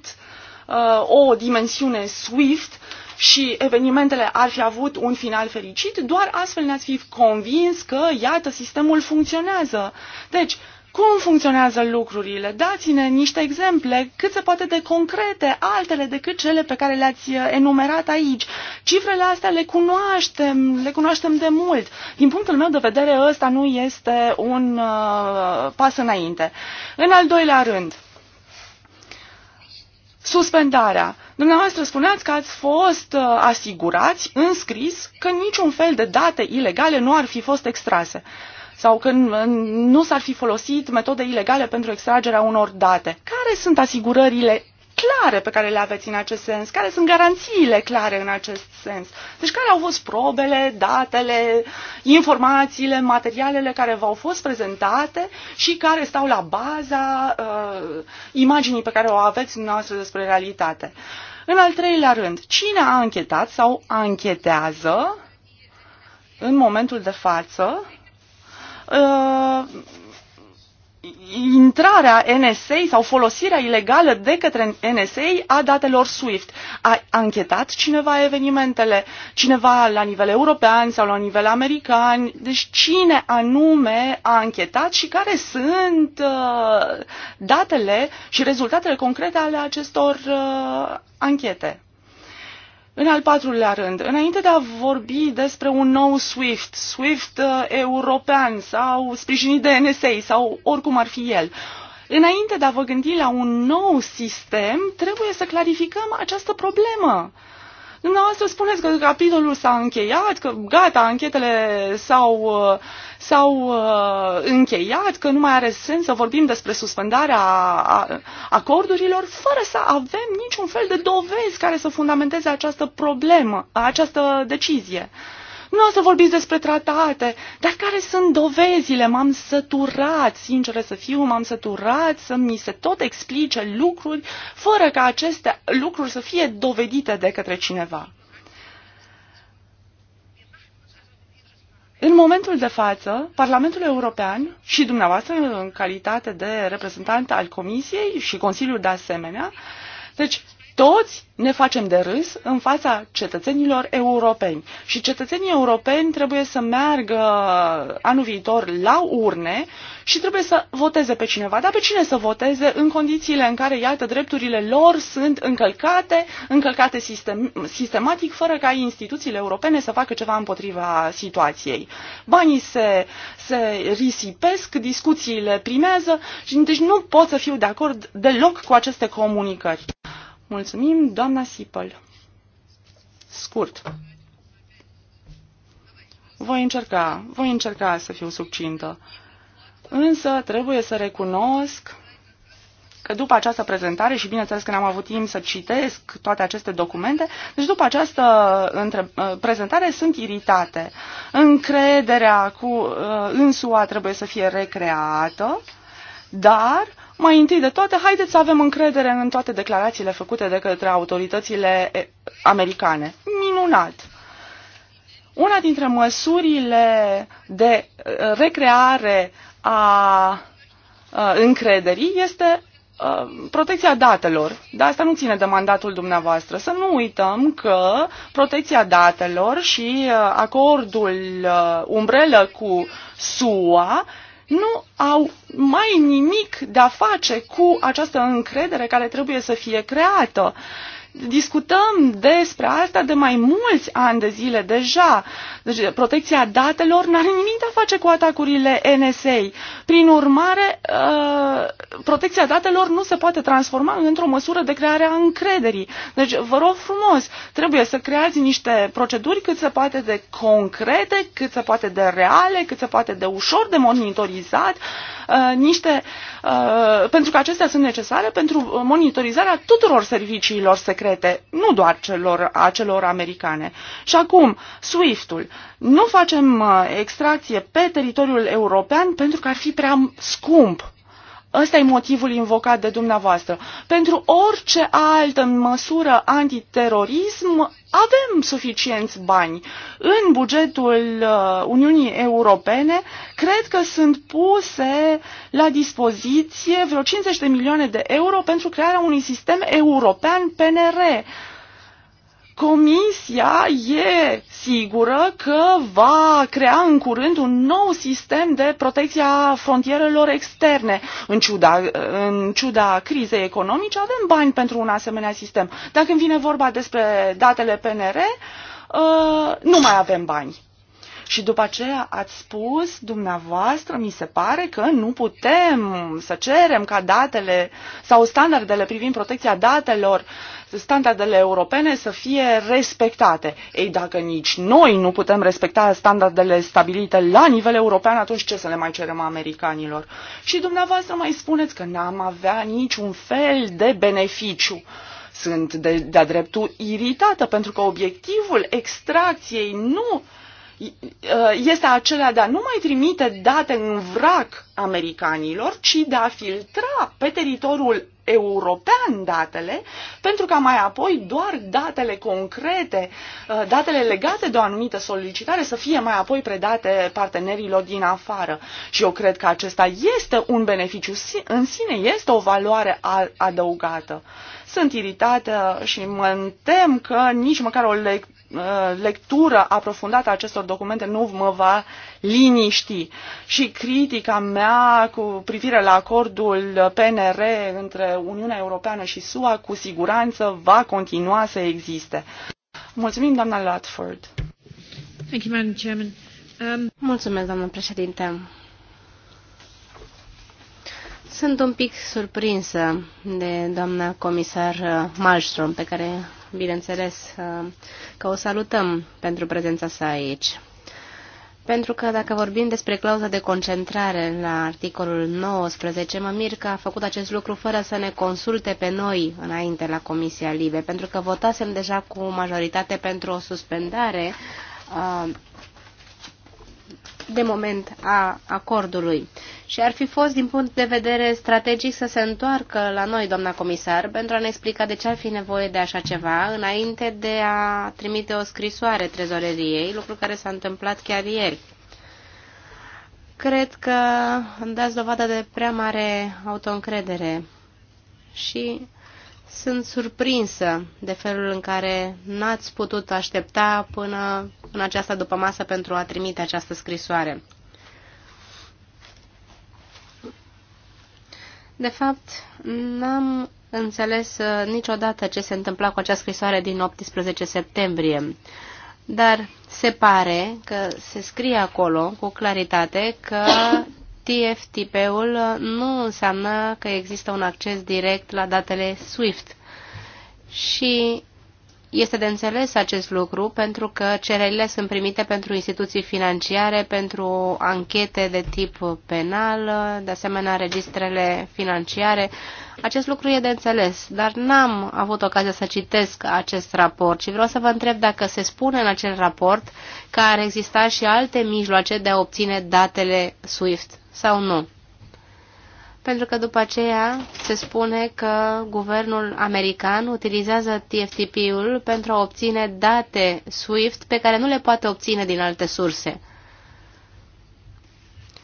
uh, o dimensiune SWIFT, și evenimentele ar fi avut un final fericit, doar astfel ne-ați fi convins că, iată, sistemul funcționează. Deci, cum funcționează lucrurile? Dați-ne niște exemple cât se poate de concrete, altele decât cele pe care le-ați enumerat aici. Cifrele astea le cunoaștem, le cunoaștem de mult. Din punctul meu de vedere, ăsta nu este un uh, pas înainte. În al doilea rând, suspendarea. Uh, Dumneavoastră spuneați că ați fost uh, asigurați înscris, că niciun fel de date ilegale nu ar fi fost extrase sau că nu s-ar fi folosit metode ilegale pentru extragerea unor date. Care sunt asigurările clare pe care le aveți în acest sens? Care sunt garanțiile clare în acest sens? Deci care au fost probele, datele, informațiile, materialele care v-au fost prezentate și care stau la baza uh, imaginii pe care o aveți noastră despre realitate? Uh, în al treilea rând, cine a închetat sau anchetează în momentul de față uh, intrarea NSA sau folosirea ilegală de către NSA a datelor SWIFT. A anchetat cineva evenimentele, cineva la nivel european sau la nivel american, deci cine anume a anchetat și care sunt uh, datele și rezultatele concrete ale acestor uh, anchete. În al patrulea rând, înainte de a vorbi despre un nou SWIFT, SWIFT uh, european sau sprijinit de NSA sau oricum ar fi el, înainte de a vă gândi la un nou sistem, trebuie să clarificăm această problemă. Uh, Dumneavoastră spuneți că capitolul s-a încheiat, că gata, anchetele s-au, uh, s-au uh, încheiat, că nu mai are sens să vorbim despre suspendarea acordurilor, fără să avem niciun fel de dovezi care să fundamenteze această problemă, această decizie. Uh, nu o să vorbiți despre tratate, dar care sunt dovezile? M-am săturat, sincer să fiu, m-am săturat să mi se tot explice lucruri fără ca aceste lucruri să fie dovedite de către cineva. În momentul de față, Parlamentul European și dumneavoastră în calitate de reprezentant al Comisiei și Consiliul de asemenea, deci toți ne facem de râs în fața cetățenilor europeni. Și cetățenii europeni trebuie să meargă anul viitor la urne și trebuie să voteze pe cineva. Dar pe cine să voteze în condițiile în care, iată, drepturile lor sunt încălcate, încălcate sistem, sistematic, fără ca instituțiile europene să facă ceva împotriva situației. Banii se, se risipesc, discuțiile primează și deci nu pot să fiu de acord deloc cu aceste comunicări. Mulțumim, doamna Sipăl. Scurt. Voi încerca, voi încerca să fiu subcintă. Însă trebuie să recunosc că după această prezentare și bineînțeles că n-am avut timp să citesc toate aceste documente, deci după această între, ă, prezentare sunt iritate. Încrederea cu, uh, însua trebuie să fie recreată, dar mai întâi de toate, haideți să avem încredere în toate declarațiile făcute de către autoritățile americane. Minunat! Una dintre măsurile de uh, recreare a uh, încrederii este uh, protecția datelor. Dar asta nu ține de mandatul dumneavoastră. Să nu uităm că protecția datelor și acordul umbrelă cu SUA nu au mai nimic de a face cu această încredere care trebuie să fie creată. Uh, Discutăm despre asta de mai mulți ani de zile deja. Deci protecția datelor nu are nimic de a face cu atacurile NSA. Prin urmare, uh, protecția datelor nu se poate transforma într-o măsură de creare a încrederii. Deci, vă rog frumos, trebuie să creați niște proceduri cât se poate de concrete, cât se poate de reale, cât se poate de ușor de monitorizat, uh, niște, uh, pentru că acestea sunt necesare pentru monitorizarea tuturor serviciilor secrete secrete, nu doar celor, a celor americane. Și acum, SWIFT-ul. Nu facem uh, extracție pe teritoriul european pentru că ar fi prea scump Ăsta e motivul invocat de dumneavoastră. Pentru orice altă măsură antiterorism avem suficienți bani. În bugetul uh, Uniunii Europene cred că sunt puse la dispoziție vreo 50 de milioane de euro pentru crearea unui sistem european PNR Comisia e sigură că va crea în curând un nou sistem de protecție a frontierelor externe. În ciuda, în ciuda crizei economice avem bani pentru un asemenea sistem. Dacă îmi vine vorba despre datele PNR, uh, nu mai avem bani. Și după aceea ați spus, dumneavoastră, mi se pare că nu putem să cerem ca datele sau standardele privind protecția datelor uh, standardele europene să fie respectate. Ei, dacă nici noi nu putem respecta standardele stabilite la nivel european, atunci ce să le mai cerem americanilor? Și dumneavoastră mai spuneți că n-am avea niciun fel de beneficiu. Sunt de, de-a dreptul iritată pentru că obiectivul extracției nu uh, este acela de a nu mai trimite date în vrac americanilor, ci de a filtra pe teritoriul european datele, pentru ca mai apoi doar datele concrete, uh, datele legate de o anumită solicitare să fie mai apoi predate partenerilor din afară. Și eu cred că acesta este un beneficiu în sine, este o valoare adăugată. Sunt iritată și mă tem că nici măcar o uh, lectură aprofundată a acestor documente nu mă va liniști. Și critica mea cu privire la acordul PNR între Uniunea Europeană și SUA cu siguranță va continua să existe. Mulțumim, doamna Latford. Thank you, Madam Chairman. Um... Mulțumesc, doamnă președinte. Sunt un pic surprinsă de doamna comisar uh, Malmström, pe care, bineînțeles, uh, că o salutăm pentru prezența sa aici pentru că dacă vorbim despre clauza de concentrare la articolul 19, mă mir că a făcut acest lucru fără să ne consulte pe noi înainte la Comisia Libe, pentru că votasem deja cu majoritate pentru o suspendare uh, de moment a acordului. Și ar fi fost, din punct de vedere strategic, să se întoarcă la noi, doamna comisar, pentru a ne explica de ce ar fi nevoie de așa ceva, înainte de a trimite o scrisoare trezoreriei, lucru care s-a întâmplat chiar ieri. Cred că îmi dați dovadă de prea mare autoîncredere și sunt surprinsă de felul în care n-ați putut aștepta până în această dupămasă pentru a trimite această scrisoare. De fapt, n-am înțeles uh, niciodată ce se întâmpla cu această scrisoare din 18 septembrie, dar se pare că se scrie acolo cu claritate că TFTP-ul nu înseamnă că există un acces direct la datele SWIFT. Și este de înțeles acest lucru pentru că cererile sunt primite pentru instituții financiare, pentru anchete de tip penal, de asemenea registrele financiare. Acest lucru e de înțeles, dar n-am avut ocazia să citesc acest raport și vreau să vă întreb dacă se spune în acel raport că ar exista și alte mijloace de a obține datele SWIFT sau nu. Pentru că după aceea se spune că guvernul american utilizează TFTP-ul pentru a obține date SWIFT pe care nu le poate obține din alte surse.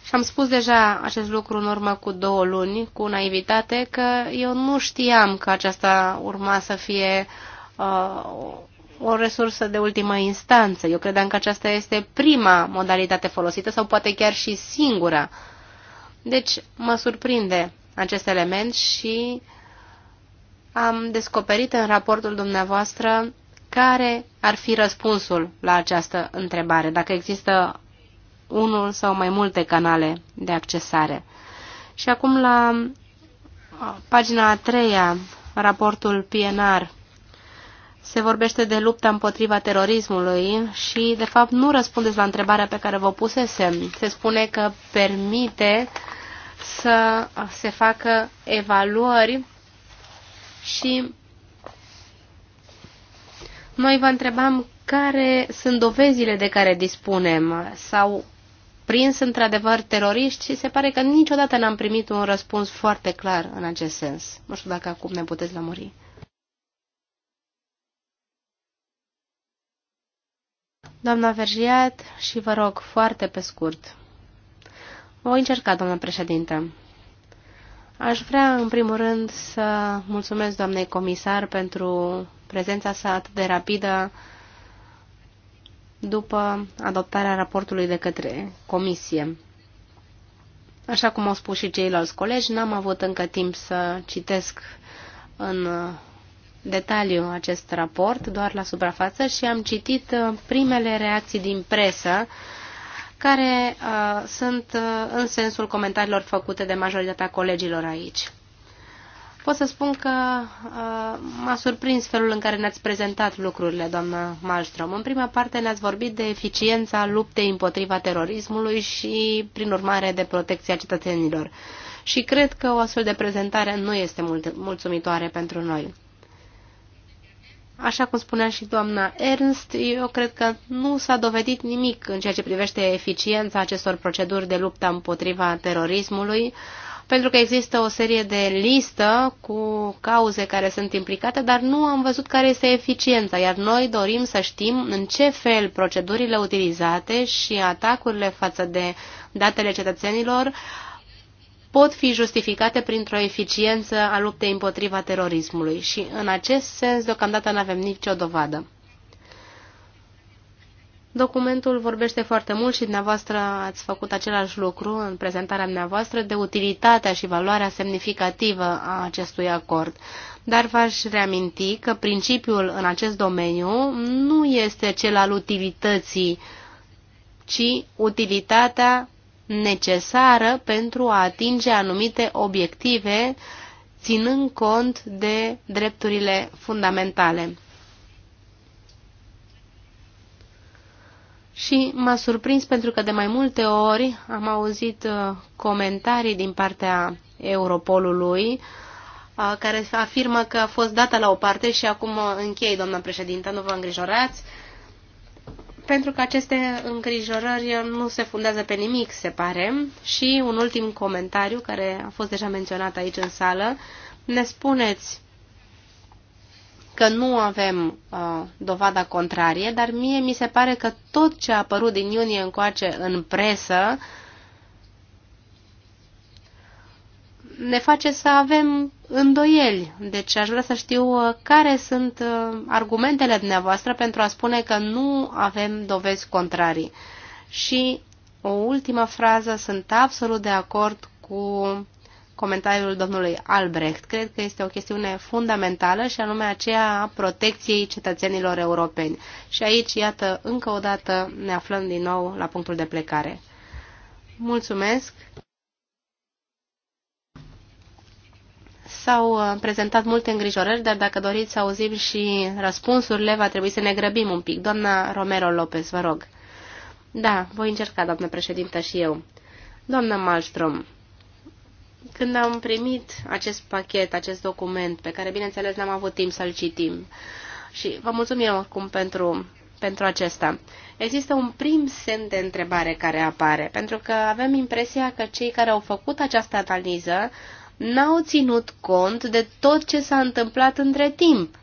Și am spus deja acest lucru în urmă cu două luni, cu naivitate, că eu nu știam că aceasta urma să fie uh, o resursă de ultimă instanță. Eu credeam că aceasta este prima modalitate folosită sau poate chiar și singura uh, deci mă surprinde acest element și am descoperit în raportul dumneavoastră care ar fi răspunsul la această întrebare, dacă există unul sau mai multe canale de accesare. Și acum la pagina a treia, raportul PNR, se vorbește de lupta împotriva terorismului și, de fapt, nu răspundeți la întrebarea pe care vă pusesem. Se spune că permite uh, să se facă evaluări și noi vă întrebam care sunt dovezile de care dispunem. sau prins într-adevăr teroriști și se pare că niciodată n-am primit un răspuns foarte clar în acest sens. Nu știu dacă acum ne puteți lămuri. Doamna Vergiat și vă rog foarte pe scurt. Voi încerca, doamnă președintă. Aș vrea, în primul rând, să mulțumesc doamnei comisar pentru prezența sa atât de rapidă după adoptarea raportului de către comisie. Așa cum au spus și ceilalți colegi, n-am avut încă timp să citesc în detaliu acest raport, doar la suprafață, și am citit primele reacții din presă care uh, sunt uh, în sensul comentariilor făcute de majoritatea colegilor aici. Pot să spun că uh, m-a surprins felul în care ne-ați prezentat lucrurile, doamnă Malmström. În prima parte ne-ați vorbit de eficiența luptei împotriva terorismului și, prin urmare, de protecția cetățenilor. Și cred că o astfel de prezentare nu este mult, mulțumitoare pentru noi. Așa cum spunea și doamna Ernst, eu cred că nu s-a dovedit nimic în ceea ce privește eficiența acestor proceduri de luptă împotriva terorismului, pentru că există o serie de listă cu cauze care sunt implicate, dar nu am văzut care este eficiența, iar noi dorim să știm în ce fel procedurile utilizate și atacurile față de datele cetățenilor pot fi justificate printr-o eficiență a luptei împotriva terorismului și în acest sens deocamdată nu avem nicio dovadă. Documentul vorbește foarte mult și dumneavoastră ați făcut același lucru în prezentarea dumneavoastră de utilitatea și valoarea semnificativă a acestui acord. Dar v-aș reaminti că principiul în acest domeniu nu este cel al utilității, ci utilitatea necesară pentru a atinge anumite obiective, ținând cont de drepturile fundamentale. Și m-a surprins pentru că de mai multe ori am auzit uh, comentarii din partea Europolului uh, care afirmă că a fost dată la o parte și acum uh, închei, doamna președintă, nu vă îngrijorați, pentru că aceste îngrijorări nu se fundează pe nimic, se pare. Și un ultim comentariu, care a fost deja menționat aici în sală, ne spuneți că nu avem uh, dovada contrarie, dar mie mi se pare că tot ce a apărut din iunie încoace în presă uh, ne face să avem îndoieli. Deci aș vrea să știu uh, care sunt uh, argumentele dumneavoastră pentru a spune că nu avem dovezi contrarii. Și o ultimă frază, sunt absolut de acord cu comentariul domnului Albrecht. Cred că este o chestiune fundamentală și anume aceea a protecției cetățenilor europeni. Și aici, iată, încă o dată ne aflăm din nou la punctul de plecare. Mulțumesc! S-au uh, prezentat multe îngrijorări, dar dacă doriți să auzim și răspunsurile, va trebui să ne grăbim un pic. Doamna Romero Lopez, vă rog. Da, voi încerca, doamnă președintă, și eu. Doamna Malstrom, când am primit acest pachet, acest document, pe care, bineînțeles, n-am avut timp să-l citim, și vă mulțumim oricum pentru, pentru acesta, există un prim semn de întrebare care apare, pentru că avem impresia că cei care au făcut această analiză n-au ținut cont de tot ce s-a întâmplat între timp,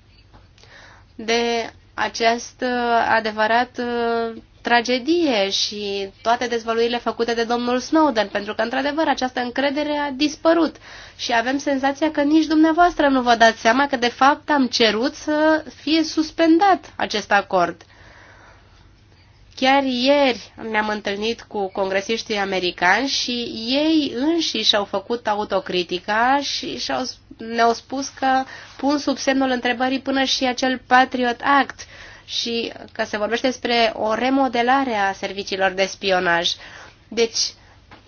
de această adevărat uh, tragedie și toate dezvăluirile făcute de domnul Snowden, pentru că, într-adevăr, această încredere a dispărut și avem senzația că nici dumneavoastră nu vă dați seama că, de fapt, am cerut să fie suspendat acest acord. Chiar ieri ne-am întâlnit cu congresiștii americani și ei înși și-au făcut autocritica și și-au, ne-au spus că pun sub semnul întrebării până și acel Patriot Act și că se vorbește despre o remodelare a serviciilor de spionaj. Deci,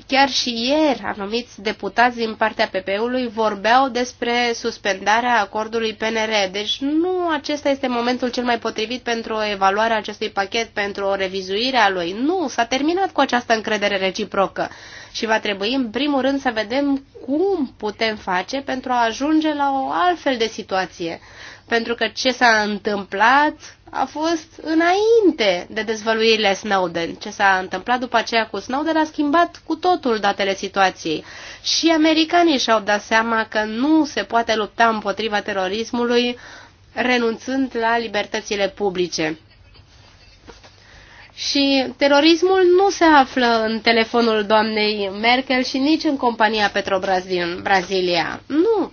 Chiar și ieri, anumiți deputați din partea PP-ului vorbeau despre suspendarea acordului PNR. Deci nu acesta este momentul cel mai potrivit pentru evaluarea acestui pachet, pentru o revizuire a lui. Nu, s-a terminat cu această încredere reciprocă. Și va trebui, în primul rând, să vedem cum putem face pentru a ajunge la o altfel de situație. Pentru că ce s-a întâmplat a fost înainte de dezvăluirile Snowden. Ce s-a întâmplat după aceea cu Snowden a schimbat cu totul datele situației. Și americanii și-au dat seama că nu se poate lupta împotriva terorismului renunțând la libertățile publice. Și terorismul nu se află în telefonul doamnei Merkel și nici în compania Petrobras din Brazilia. Nu.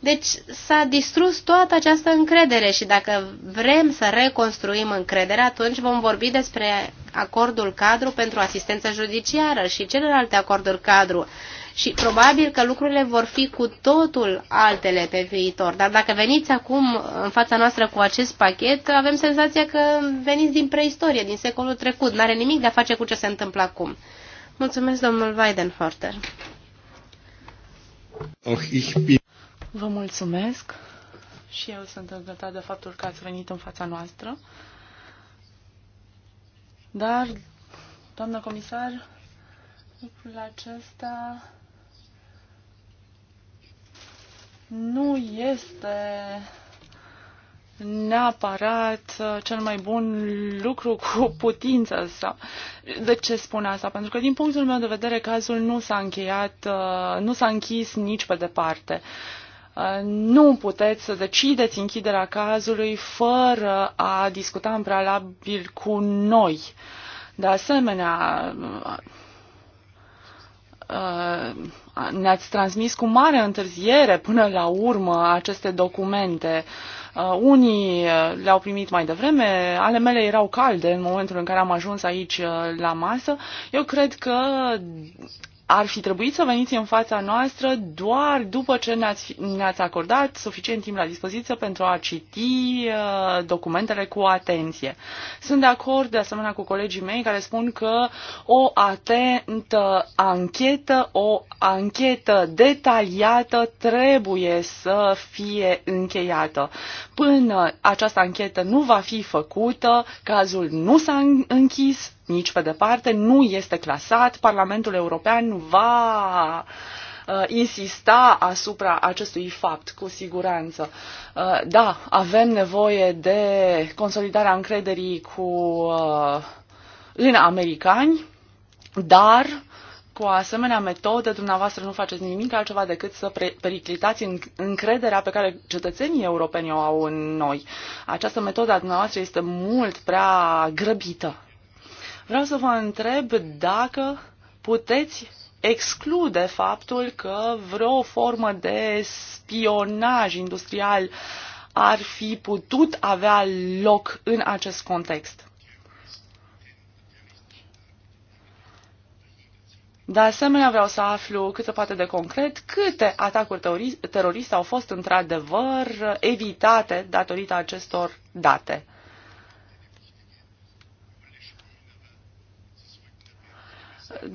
Deci s-a distrus toată această încredere și dacă vrem să reconstruim încrederea, atunci vom vorbi despre acordul cadru pentru asistență judiciară și celelalte acorduri cadru. Și probabil că lucrurile vor fi cu totul altele pe viitor. Dar dacă veniți acum în fața noastră cu acest pachet, avem senzația că veniți din preistorie, din secolul trecut. N-are nimic de a face cu ce se întâmplă acum. Mulțumesc, domnul Weidenhorter. Oh, ich bin Vă mulțumesc și eu sunt încântată de faptul că ați venit în fața noastră. Dar, doamnă comisar, lucrul acesta nu este neapărat cel mai bun lucru cu putință. Sau... De ce spun asta? Pentru că din punctul meu de vedere cazul nu s-a încheiat, nu s-a închis nici pe departe nu puteți să decideți închiderea cazului fără a discuta în prealabil cu noi. De asemenea, uh, ne-ați transmis cu mare întârziere până la urmă aceste documente. Uh, unii uh, le-au primit mai devreme, ale mele erau calde în momentul în care am ajuns aici la masă. Eu cred că ar fi trebuit să veniți în fața noastră doar după ce ne-ați, ne acordat suficient timp la dispoziție pentru a citi uh, documentele cu atenție. Sunt de acord de asemenea cu colegii mei care spun că o atentă anchetă, o anchetă detaliată trebuie să fie încheiată. Până această anchetă nu va fi făcută, cazul nu s-a închis, nici pe departe, nu este clasat. Parlamentul European va uh, insista asupra acestui fapt, cu siguranță. Uh, da, avem nevoie de consolidarea încrederii cu, uh, în americani, dar cu o asemenea metodă, dumneavoastră nu faceți nimic altceva decât să periclitați încrederea pe care cetățenii europeni o au în noi. Această metodă a dumneavoastră este mult prea grăbită. Vreau să vă întreb dacă puteți exclude faptul că vreo formă de spionaj industrial ar fi putut avea loc în acest context. De asemenea, vreau să aflu cât se poate de concret câte atacuri teroriste au fost într-adevăr evitate datorită acestor date.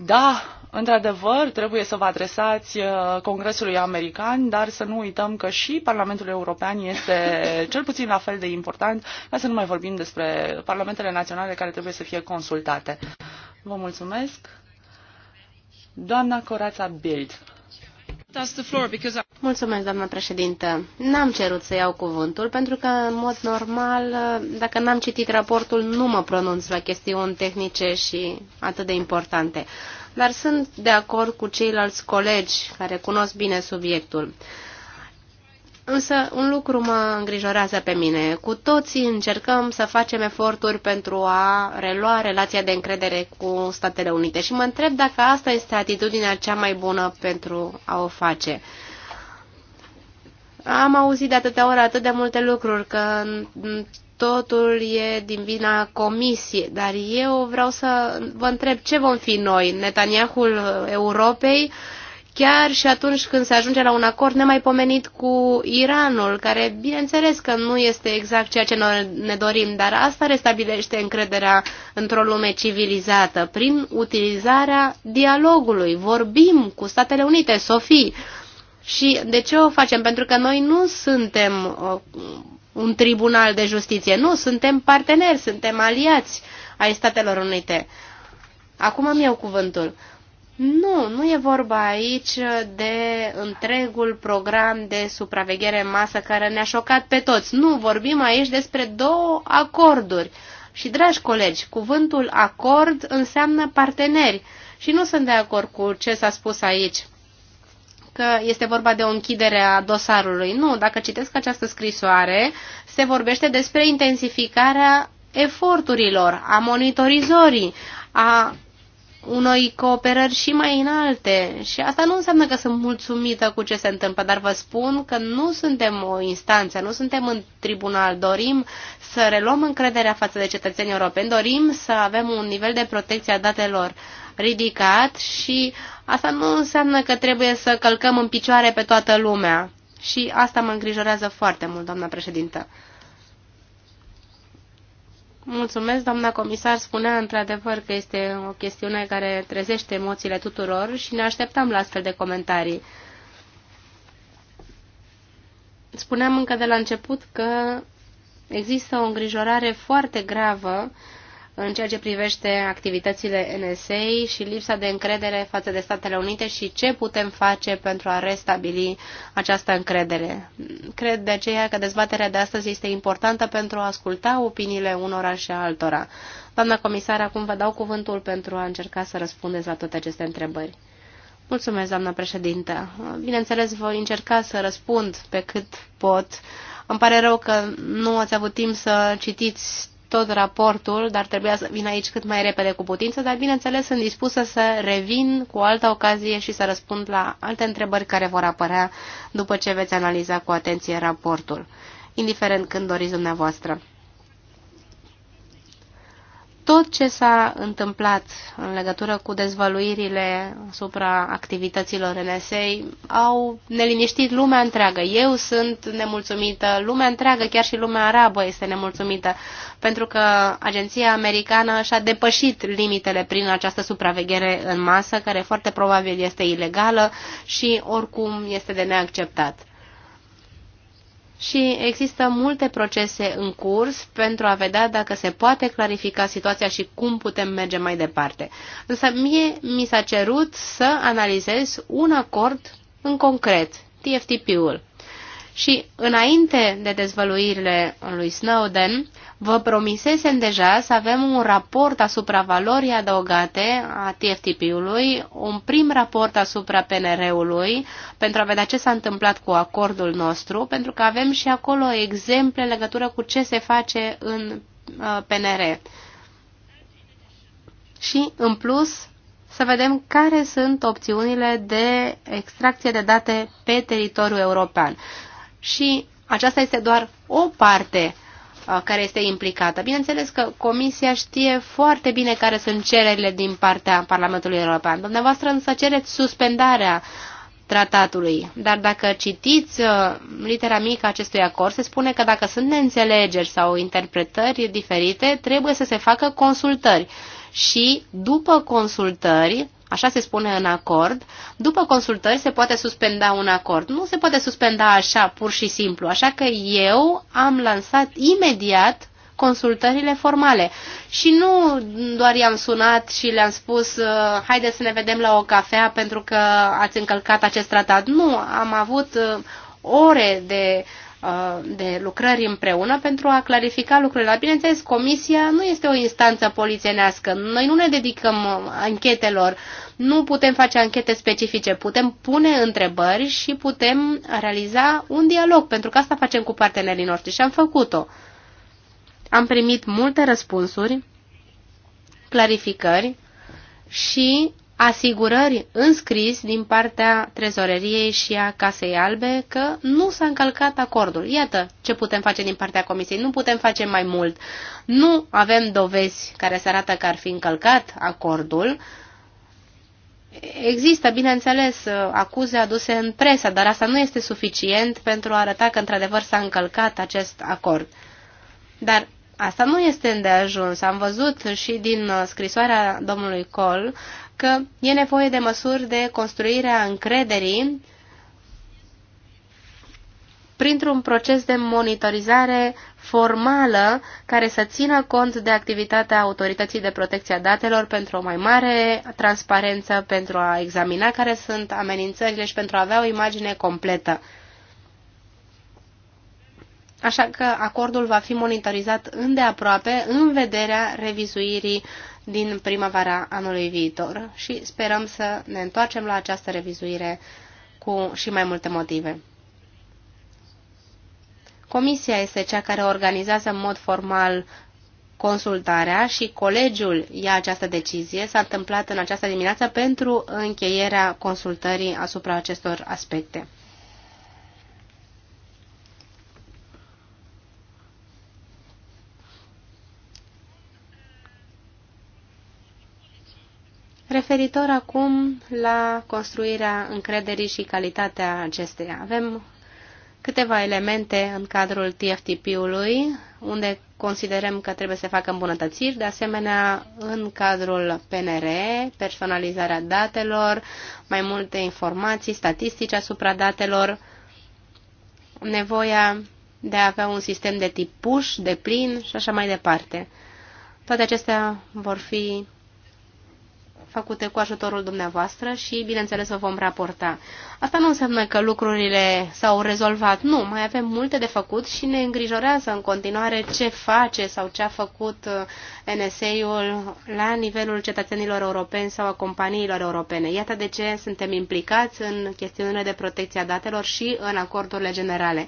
da, într-adevăr, trebuie să vă adresați uh, Congresului American, dar să nu uităm că și Parlamentul European este cel puțin la fel de important, ca să nu mai vorbim despre parlamentele naționale care trebuie să fie consultate. Vă mulțumesc. Doamna Corața Bild Mulțumesc, doamnă președintă. N-am cerut să iau cuvântul, pentru că, în mod normal, dacă n-am citit raportul, nu mă pronunț la chestiuni tehnice și atât de importante. Dar sunt de acord cu ceilalți colegi care cunosc bine subiectul. Însă un lucru mă îngrijorează pe mine. Cu toții încercăm să facem eforturi pentru a relua relația de încredere cu Statele Unite și mă întreb dacă asta este atitudinea cea mai bună pentru a o face. Am auzit de atâtea ori atât de multe lucruri că totul e din vina comisiei, dar eu vreau să vă întreb ce vom fi noi, Netanyahul Europei, uh, chiar și atunci când se ajunge la un acord nemaipomenit cu Iranul, care bineînțeles că nu este exact ceea ce noi ne dorim, dar asta restabilește încrederea într-o lume civilizată prin utilizarea dialogului. Vorbim cu Statele Unite, Sofie. Și de ce o facem? Pentru că noi nu suntem uh, un tribunal de justiție, nu, suntem parteneri, suntem aliați ai Statelor Unite. Acum am eu cuvântul. Nu, nu e vorba aici de întregul program de supraveghere în masă care ne-a șocat pe toți. Nu, vorbim aici despre două acorduri. Și, dragi colegi, cuvântul acord înseamnă parteneri. Și nu sunt de acord cu ce s-a spus aici, că este vorba de o închidere a dosarului. Nu, dacă citesc această scrisoare, se vorbește despre intensificarea eforturilor, a monitorizorii, a unei cooperări și mai înalte. Și asta nu înseamnă că sunt mulțumită cu ce se întâmplă, dar vă spun că nu suntem o instanță, nu suntem în tribunal. Dorim să reluăm încrederea față de cetățenii europeni, dorim să avem un nivel de protecție a datelor ridicat și asta nu înseamnă că trebuie să călcăm în picioare pe toată lumea. Și asta mă îngrijorează foarte mult, doamna președintă. Mulțumesc, doamna comisar spunea într-adevăr că este o chestiune care trezește emoțiile tuturor și ne așteptam la astfel de comentarii. Spuneam încă de la început că există o îngrijorare foarte gravă în ceea ce privește activitățile NSA și lipsa de încredere față de Statele Unite și ce putem face pentru a restabili această încredere. Cred de aceea că dezbaterea de astăzi este importantă pentru a asculta opiniile unora și altora. Doamna comisar, acum vă dau cuvântul pentru a încerca să răspundeți la toate aceste întrebări. Mulțumesc, doamna președintă. Bineînțeles, voi încerca să răspund pe cât pot. Îmi pare rău că nu ați avut timp să citiți tot raportul, dar trebuia să vin aici cât mai repede cu putință, dar bineînțeles sunt dispusă să revin cu o altă ocazie și să răspund la alte întrebări care vor apărea după ce veți analiza cu atenție raportul, indiferent când doriți dumneavoastră tot ce s-a întâmplat în legătură cu dezvăluirile asupra activităților NSA au neliniștit lumea întreagă. Eu sunt nemulțumită, lumea întreagă, chiar și lumea arabă este nemulțumită, pentru că agenția americană și-a depășit limitele prin această supraveghere în masă, care foarte probabil este ilegală și oricum este de neacceptat și există multe procese în curs pentru a vedea dacă se poate clarifica situația și cum putem merge mai departe. Însă mie mi s-a cerut să analizez un acord în concret, TFTP-ul. Și înainte de dezvăluirile lui Snowden, vă promisesem deja să avem un raport asupra valorii adăugate a TFTP-ului, un prim raport asupra PNR-ului, pentru a vedea ce s-a întâmplat cu acordul nostru, pentru că avem și acolo exemple în legătură cu ce se face în uh, PNR. Și, în plus, să vedem care sunt opțiunile de extracție de date pe teritoriul european și aceasta este doar o parte uh, care este implicată. Bineînțeles că Comisia știe foarte bine care sunt cererile din partea Parlamentului European. Dumneavoastră însă cereți suspendarea tratatului. Dar dacă citiți uh, litera mică acestui acord, se spune că dacă sunt neînțelegeri sau interpretări diferite, trebuie să se facă consultări. Și după consultări, așa se spune în acord, după consultări se poate suspenda un acord. Nu se poate suspenda așa, pur și simplu. Așa că eu am lansat imediat consultările formale. Și nu doar i-am sunat și le-am spus, uh, haideți să ne vedem la o cafea pentru că ați încălcat acest tratat. Nu, am avut uh, ore de uh, de lucrări împreună pentru a clarifica lucrurile. Dar, bineînțeles, comisia nu este o instanță polițienească. Noi nu ne dedicăm anchetelor. Nu putem face anchete specifice, putem pune întrebări și putem realiza un dialog, pentru că asta facem cu partenerii noștri și am făcut-o. Am primit multe răspunsuri, clarificări și asigurări înscris din partea trezoreriei și a Casei Albe că nu s-a încălcat acordul. Iată ce putem face din partea Comisiei. Nu putem face mai mult. Nu avem dovezi care să arată că ar fi încălcat acordul, Există, bineînțeles, acuze aduse în presă, dar asta nu este suficient pentru a arăta că într-adevăr s-a încălcat acest acord. Dar asta nu este îndeajuns. Am văzut și din scrisoarea domnului Col că e nevoie de măsuri de construire a încrederii printr-un proces de monitorizare formală care să țină cont de activitatea Autorității de Protecție a Datelor pentru o mai mare transparență, pentru a examina care sunt amenințările și pentru a avea o imagine completă. Așa că acordul va fi monitorizat îndeaproape în vederea revizuirii din primăvara anului viitor și sperăm să ne întoarcem la această revizuire cu și mai multe motive. Comisia este cea care organizează în mod formal consultarea și colegiul ia această decizie. S-a întâmplat în această dimineață pentru încheierea consultării asupra acestor aspecte. Referitor acum la construirea încrederii și calitatea acesteia, avem câteva elemente în cadrul TFTP-ului, unde considerăm că trebuie să facă îmbunătățiri, de asemenea în cadrul PNR, personalizarea datelor, mai multe informații statistici asupra datelor, nevoia de a avea un sistem de tip push, de plin și așa mai departe. Toate acestea vor fi făcute cu ajutorul dumneavoastră și, bineînțeles, o vom raporta. Asta nu înseamnă că lucrurile s-au rezolvat. Nu, mai avem multe de făcut și ne îngrijorează în continuare ce face sau ce a făcut uh, NSA-ul la nivelul cetățenilor europeni sau a companiilor europene. Iată de ce suntem implicați în chestiunile de protecție a datelor și în acordurile generale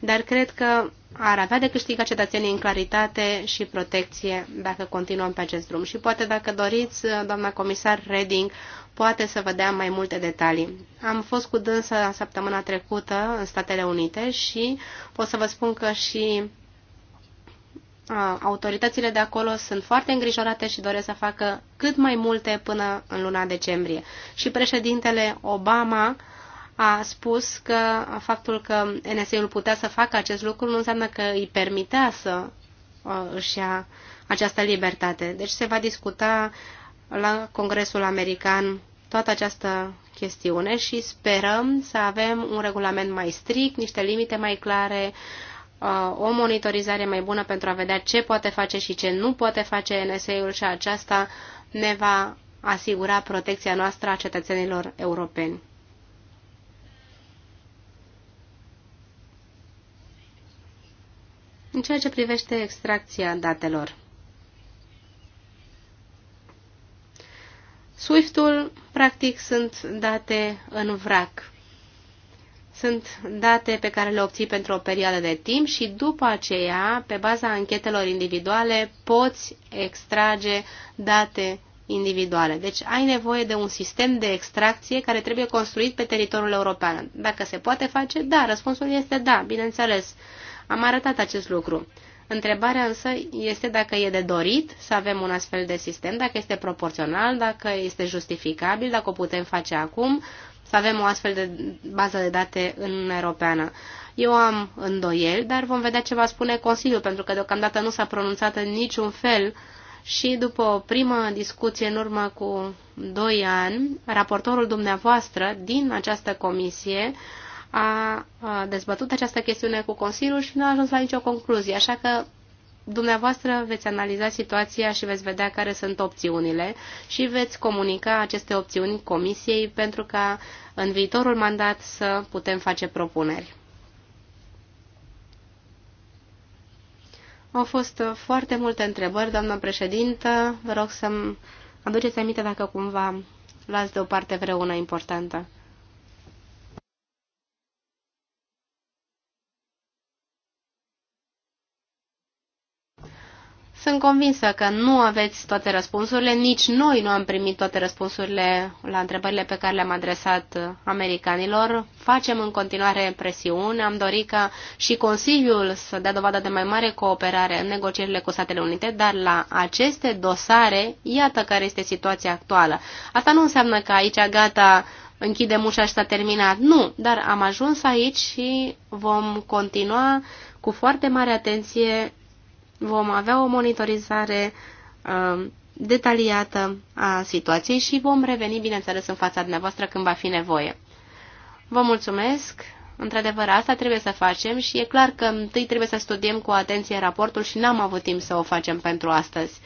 dar cred că ar avea de câștigat cetățenii în claritate și protecție dacă continuăm pe acest drum. Și poate dacă doriți, doamna comisar Reding poate să vă dea mai multe detalii. Am fost cu dânsa săptămâna trecută în Statele Unite și pot să vă spun că și autoritățile de acolo sunt foarte îngrijorate și doresc să facă cât mai multe până în luna decembrie. Și președintele Obama a spus că faptul că NSA-ul putea să facă acest lucru nu înseamnă că îi permitea să uh, își ia această libertate. Deci se va discuta la Congresul American toată această chestiune și sperăm să avem un regulament mai strict, niște limite mai clare, uh, o monitorizare mai bună pentru a vedea ce poate face și ce nu poate face NSA-ul și aceasta ne va asigura protecția noastră a cetățenilor europeni. În ceea ce privește extracția datelor, SWIFT-ul, practic, sunt date în vrac. Sunt date pe care le obții pentru o perioadă de timp și după aceea, pe baza anchetelor individuale, poți extrage date individuale. Deci ai nevoie de un sistem de extracție care trebuie construit pe teritoriul european. Dacă se poate face, da, răspunsul este da, bineînțeles. Am arătat acest lucru. Întrebarea însă este dacă e de dorit să avem un astfel de sistem, dacă este proporțional, dacă este justificabil, dacă o putem face acum, să avem o astfel de bază de date în Uniunea Europeană. Eu am îndoieli, dar vom vedea ce va spune Consiliul, pentru că deocamdată nu s-a pronunțat în niciun fel și după o primă discuție în urmă cu doi ani, raportorul dumneavoastră din această comisie a dezbătut această chestiune cu Consiliul și nu a ajuns la nicio concluzie, așa că dumneavoastră veți analiza situația și veți vedea care sunt opțiunile și veți comunica aceste opțiuni Comisiei pentru ca în viitorul mandat să putem face propuneri. Au fost foarte multe întrebări, doamnă președintă. Vă rog să-mi aduceți aminte dacă cumva las deoparte vreuna importantă. Sunt convinsă că nu aveți toate răspunsurile, nici noi nu am primit toate răspunsurile la întrebările pe care le-am adresat americanilor. Facem în continuare presiune, am dorit ca și Consiliul să dea dovadă de mai mare cooperare în negocierile cu Statele Unite, dar la aceste dosare, iată care este situația actuală. Asta nu înseamnă că aici gata închidem ușa și s-a terminat. Nu, dar am ajuns aici și vom continua cu foarte mare atenție vom avea o monitorizare uh, detaliată a situației și vom reveni, bineînțeles, în fața dumneavoastră când va fi nevoie. Vă mulțumesc! Într-adevăr, asta trebuie să facem și e clar că întâi trebuie să studiem cu atenție raportul și n-am avut timp să o facem pentru astăzi.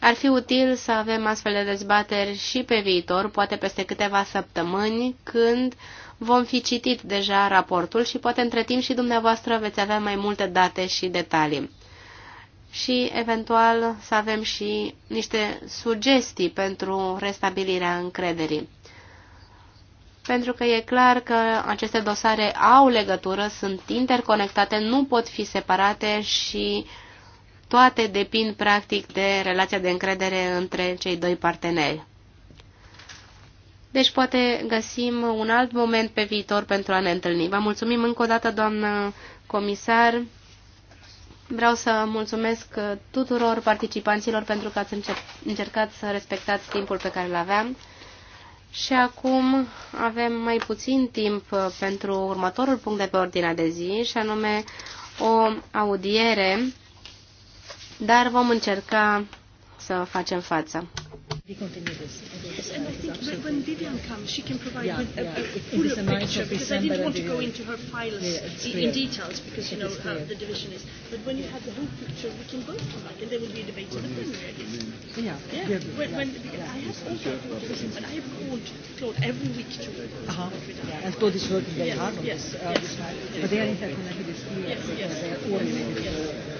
Ar fi util să avem astfel de dezbateri și pe viitor, poate peste câteva săptămâni, când vom fi citit deja raportul și poate între timp și dumneavoastră veți avea mai multe date și detalii și eventual să avem și niște sugestii pentru restabilirea încrederii. Pentru că e clar că aceste dosare au legătură, sunt interconectate, nu pot fi separate și toate depind practic de relația de încredere între cei doi parteneri. Deci poate găsim un alt moment pe viitor pentru a ne întâlni. Vă mulțumim încă o dată, doamnă comisar. Vreau să mulțumesc uh, tuturor participanților pentru că ați încercat să respectați timpul pe care îl aveam. Și acum avem mai puțin timp uh, pentru următorul punct de pe ordinea de zi, și anume o audiere, dar vom încerca să facem față. We continue this. Yes, and I think that when Vivian comes, she can provide yeah, with a, yeah. a fuller a picture because I didn't want to go into her files yeah, in, in details because you know how the division is. But when you have the whole picture, we can both come back and there will be a debate in the plenary, I guess. Yeah, yeah. yeah. When, when, yeah. I have all the divisions and I have called Claude every week to uh-huh. yeah. And Claude is working very yes, hard on yes, this. Uh, yes, this yes. But they are interconnected, it's clear. Yes, yes. They are all Yes. Yes.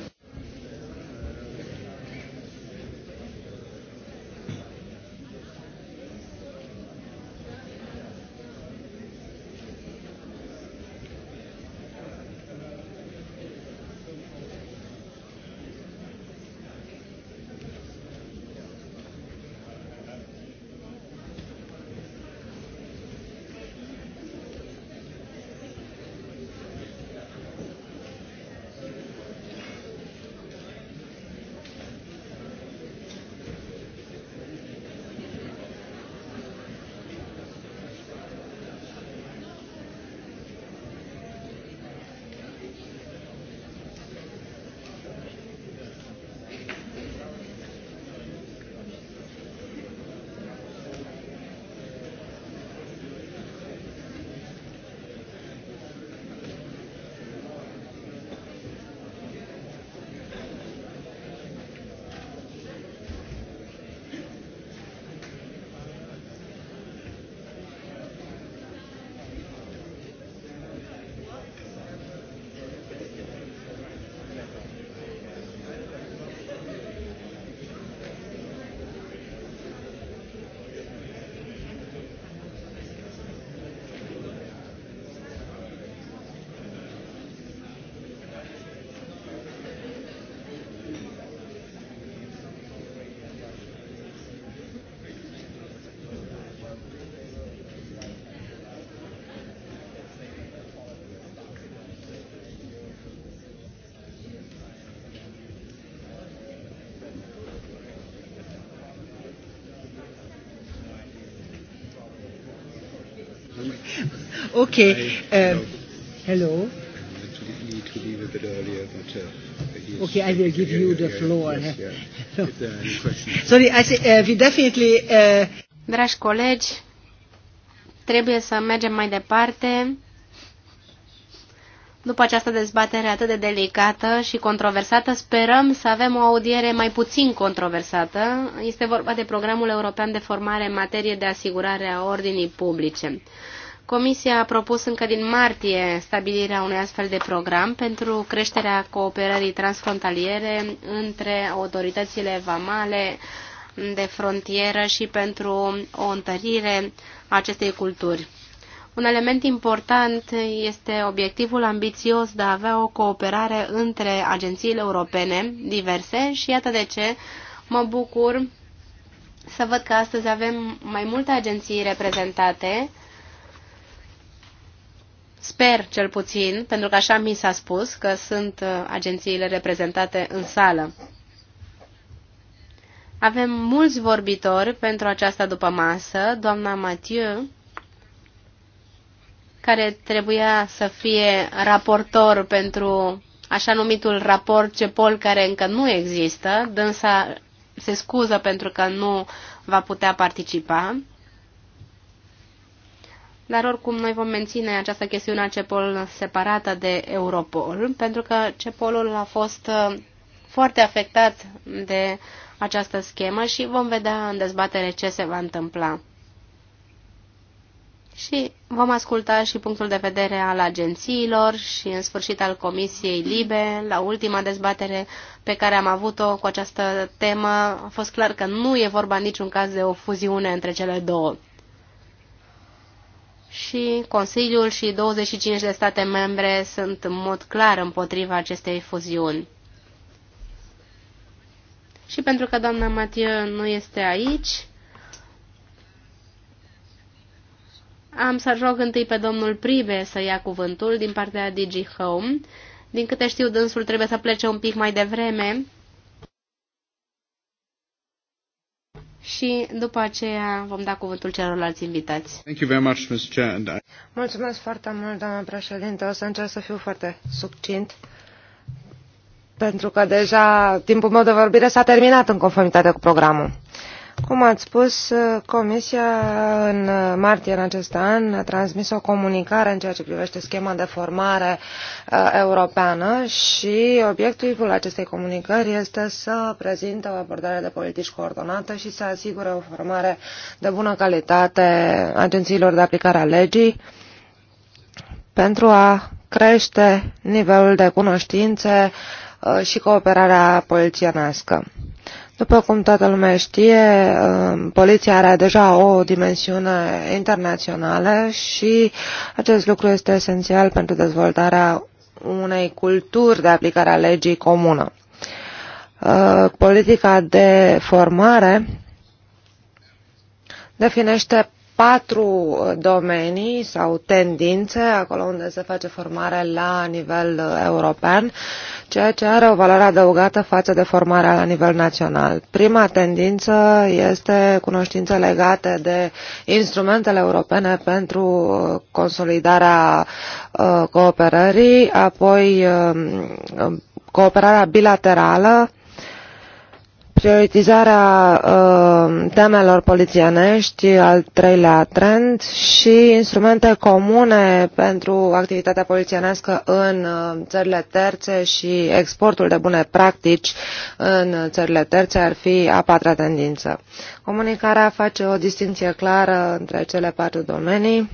Okay. uh, hello. need to leave a bit earlier, but. Uh, Okay, I will give you the floor. Yes, yeah. Sorry, I say, uh, we definitely. Uh... Dragi colegi, trebuie să mergem mai departe. După această dezbatere atât de delicată și controversată, sperăm să avem o audiere mai puțin controversată. Este vorba de programul european de formare în materie de asigurare a ordinii publice. Comisia a propus încă din martie stabilirea unui astfel de program pentru creșterea cooperării transfrontaliere între autoritățile vamale de frontieră și pentru o întărire a acestei culturi. Un element important este obiectivul ambițios de a avea o cooperare între agențiile europene diverse și iată de ce mă bucur să văd că astăzi avem mai multe agenții reprezentate Sper cel puțin, pentru că așa mi s-a spus că sunt uh, agențiile reprezentate în sală. Avem mulți vorbitori pentru această după masă. Doamna Mathieu, care trebuia să fie raportor pentru așa numitul raport CEPOL, care încă nu există, dânsa se scuză pentru că nu va putea participa dar oricum noi vom menține această chestiune a CEPOL separată de Europol, pentru că CEPOL-ul a fost uh, foarte afectat de această schemă și vom vedea în dezbatere ce se va întâmpla. Și vom asculta și punctul de vedere al agențiilor și în sfârșit al Comisiei Libe. La ultima dezbatere pe care am avut-o cu această temă a fost clar că nu e vorba în niciun caz de o fuziune între cele două și Consiliul și 25 de state membre sunt în mod clar împotriva acestei fuziuni. Și pentru că doamna Mathieu nu este aici, am să rog întâi pe domnul Pribe să ia cuvântul din partea digihome, Din câte știu, dânsul trebuie să plece un pic mai devreme, și după aceea vom da cuvântul celorlalți invitați. Thank you very much, Mr. Chair, and I... Mulțumesc foarte mult, doamna președinte. O să încerc să fiu foarte succint pentru că deja timpul meu de vorbire s-a terminat în conformitate cu programul. Cum ați spus, Comisia în martie în acest an a transmis o comunicare în ceea ce privește schema de formare uh, europeană și obiectivul acestei comunicări este să prezinte o abordare de politici coordonată și să asigure o formare de bună calitate agențiilor de aplicare a legii pentru a crește nivelul de cunoștințe uh, și cooperarea polițienească. După cum toată lumea știe, um, poliția are deja o dimensiune internațională și acest lucru este esențial pentru dezvoltarea unei culturi de aplicare a legii comună. Uh, politica de formare definește patru uh, domenii sau tendințe acolo unde se face formare la nivel uh, european, ceea ce are o valoare adăugată față de formarea la nivel național. Prima tendință este cunoștințe legate de instrumentele europene pentru uh, consolidarea cooperării, apoi um, um, cooperarea bilaterală, prioritizarea uh, temelor polițienești, al treilea trend, și instrumente comune pentru activitatea polițienească în uh, țările terțe și exportul de bune practici în țările terțe ar fi a patra tendință. Comunicarea face o distinție clară între cele patru domenii,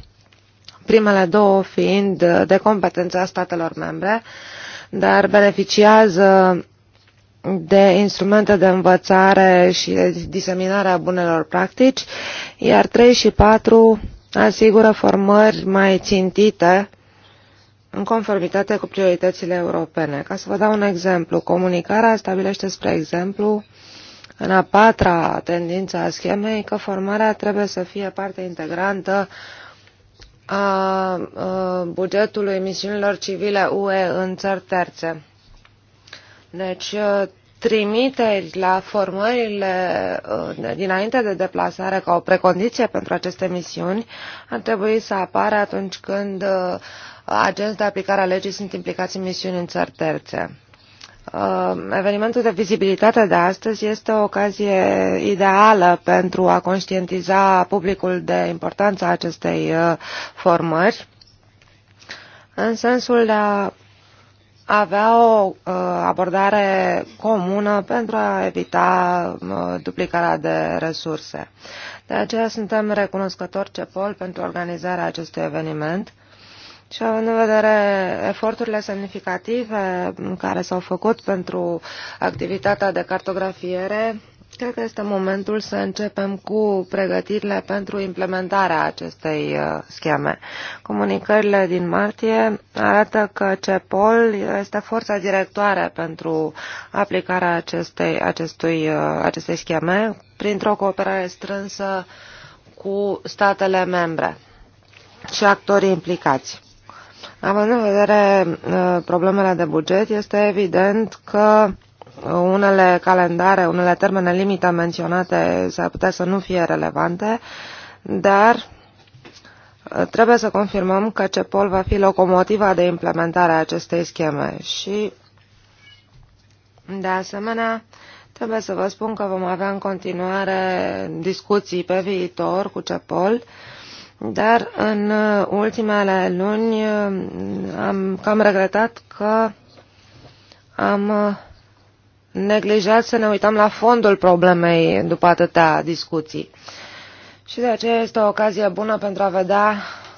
primele două fiind de competența statelor membre, dar beneficiază de instrumente de învățare și de diseminare a bunelor practici, iar 3 și 4 asigură formări mai țintite în conformitate cu prioritățile europene. Ca să vă dau un exemplu, comunicarea stabilește, spre exemplu, în a patra tendință a schemei, că formarea trebuie să fie parte integrantă a bugetului misiunilor civile UE în țări terțe. Deci, uh, trimiteri la formările uh, dinainte de deplasare ca o precondiție pentru aceste misiuni ar trebui să apară atunci când uh, agenți de aplicare a legii sunt implicați în misiuni în țări terțe. Evenimentul de vizibilitate de astăzi este o ocazie ideală pentru a conștientiza publicul de importanța acestei formări în sensul de a avea o uh, abordare comună pentru a evita uh, duplicarea de resurse. De aceea suntem recunoscători CEPOL pentru organizarea acestui eveniment și având în vedere eforturile semnificative care s-au făcut pentru activitatea de cartografiere, Cred că este momentul să începem cu pregătirile pentru implementarea acestei uh, scheme. Comunicările din martie arată că CEPOL este forța directoare pentru aplicarea acestei, acestui, uh, acestei scheme printr-o cooperare strânsă cu statele membre și actorii implicați. Având în vedere uh, problemele de buget, este evident că unele calendare, unele termene limită menționate s-ar putea să nu fie relevante, dar uh, trebuie să confirmăm că CEPOL va fi locomotiva de implementare a acestei scheme și, de asemenea, trebuie să vă spun că vom avea în continuare discuții pe viitor cu CEPOL, dar în uh, ultimele luni uh, am cam regretat că am neglijat să ne uităm la fondul problemei după atâtea discuții. Și de aceea este o ocazie bună pentru a vedea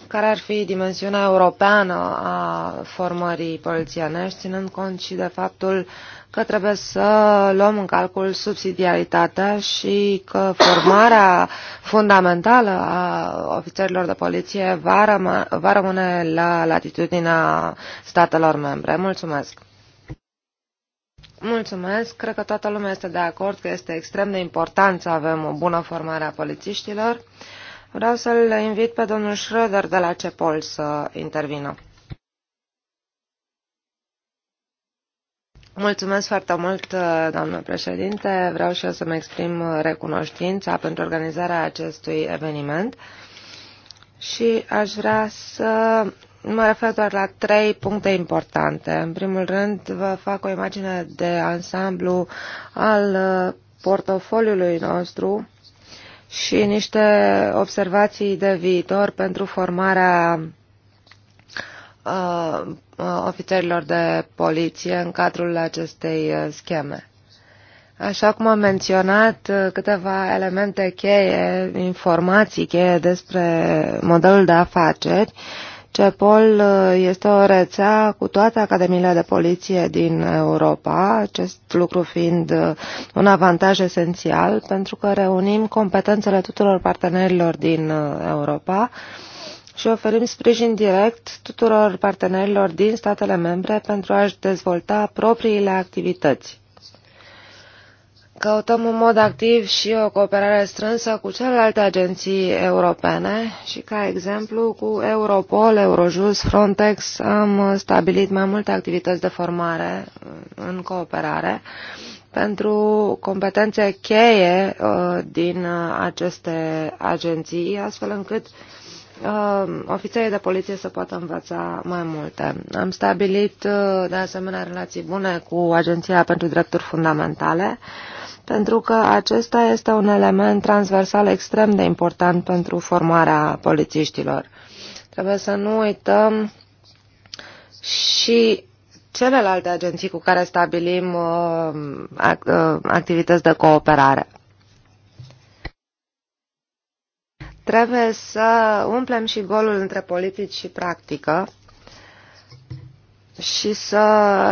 care ar fi dimensiunea europeană a formării polițienești, ținând cont și de faptul că trebuie să luăm în calcul subsidiaritatea și că formarea fundamentală a ofițerilor de poliție va, rămâne la latitudinea statelor membre. Mulțumesc! Mulțumesc. Cred că toată lumea este de acord că este extrem de important să avem o bună formare a polițiștilor. Vreau să-l invit pe domnul Schröder de la CEPOL să intervină. Mulțumesc foarte mult, doamnă președinte. Vreau și eu să-mi exprim recunoștința pentru organizarea acestui eveniment și aș vrea să Mă refer doar la trei puncte importante. În primul rând, vă fac o imagine de ansamblu al uh, portofoliului nostru și niște observații de viitor pentru formarea uh, uh ofițerilor de poliție în cadrul acestei uh, scheme. Așa cum am menționat, câteva elemente cheie, informații cheie despre modelul de afaceri, uh, CEPOL uh, este o rețea cu toate academiile de poliție din Europa, acest lucru fiind uh, un avantaj esențial pentru că reunim competențele tuturor partenerilor din uh, Europa și oferim sprijin direct tuturor partenerilor din statele membre pentru a-și dezvolta propriile activități. Căutăm în mod activ și o cooperare strânsă cu celelalte agenții europene și, ca exemplu, cu Europol, Eurojust, Frontex am stabilit mai multe activități de formare în cooperare pentru competențe cheie uh, din uh, aceste agenții, astfel încât uh, ofițerii de poliție să poată învăța mai multe. Am stabilit, de asemenea, relații bune cu Agenția pentru Drepturi Fundamentale, pentru că acesta este un element transversal extrem de important pentru formarea polițiștilor. Trebuie să nu uităm și celelalte agenții cu care stabilim uh, uh, activități de cooperare. Trebuie să umplem și golul între politici și practică și să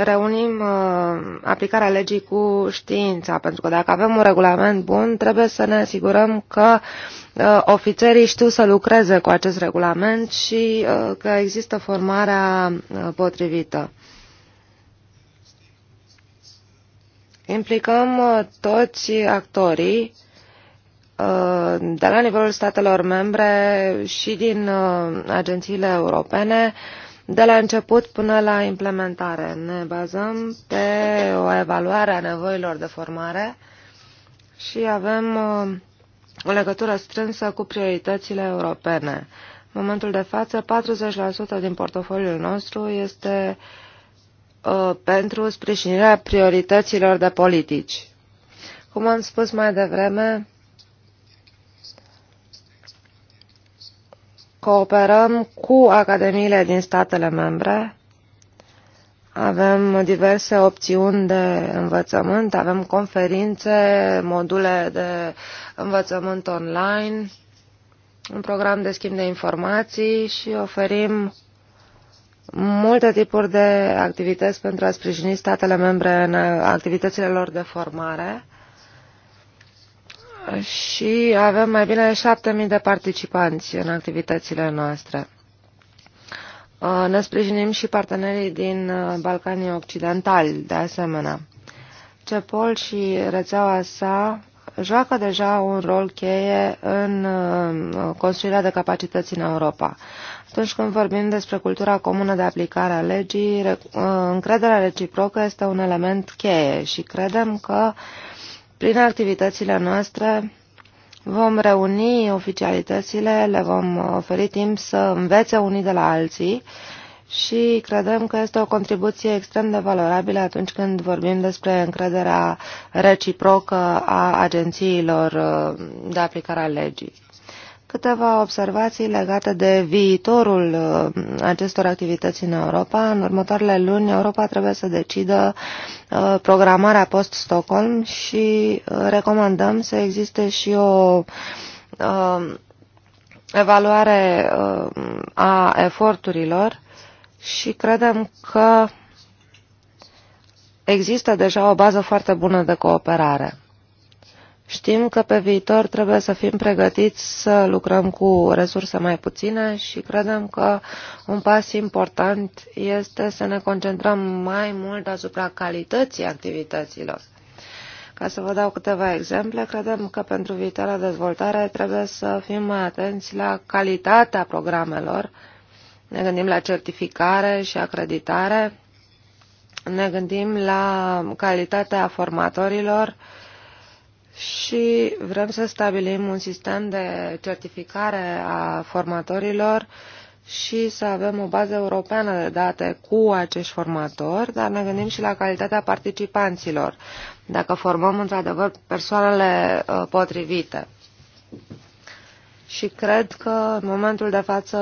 reunim uh, aplicarea legii cu știința, pentru că dacă avem un regulament bun, trebuie să ne asigurăm că uh, ofițerii știu să lucreze cu acest regulament și uh, că există formarea potrivită. Implicăm toți actorii de la nivelul statelor membre și din agențiile europene de la început până la implementare. Ne bazăm pe o evaluare a nevoilor de formare și avem uh, o legătură strânsă cu prioritățile europene. În momentul de față, 40% din portofoliul nostru este uh, pentru sprijinirea priorităților de politici. Cum am spus mai devreme, Cooperăm cu academiile din statele membre. Avem diverse opțiuni de învățământ, avem conferințe, module de învățământ online, un program de schimb de informații și oferim multe tipuri de activități pentru a sprijini statele membre în activitățile lor de formare și avem mai bine de 7.000 de participanți în activitățile noastre. Uh, ne sprijinim și partenerii din uh, Balcanii Occidentali, de asemenea. CEPOL și rețeaua sa joacă deja un rol cheie în uh, construirea de capacități în Europa. Atunci când vorbim despre cultura comună de aplicare a legii, încrederea reciprocă este un element cheie și credem că uh, prin activitățile noastre vom reuni oficialitățile, le vom oferi timp să învețe unii de la alții și credem că este o contribuție extrem de valorabilă atunci când vorbim despre încrederea reciprocă a agențiilor uh, de aplicare a legii. Câteva observații legate de viitorul uh, acestor activități în Europa. În următoarele luni, Europa trebuie să decidă uh, programarea post-Stockholm și uh, recomandăm să existe și o evaluare a eforturilor și credem că există deja o bază foarte bună de cooperare. Știm că pe viitor trebuie să fim pregătiți să lucrăm cu resurse mai puține și credem că un pas important este să ne concentrăm mai mult asupra calității activităților. Ca să vă dau câteva exemple, credem că pentru viitoarea dezvoltare trebuie să fim mai atenți la calitatea programelor. Ne gândim la certificare și acreditare, ne gândim la calitatea formatorilor, și vrem să stabilim un sistem de certificare a formatorilor și să avem o bază europeană de date cu acești formatori, dar ne gândim și la calitatea participanților, dacă formăm într-adevăr persoanele uh, potrivite și cred că în momentul de față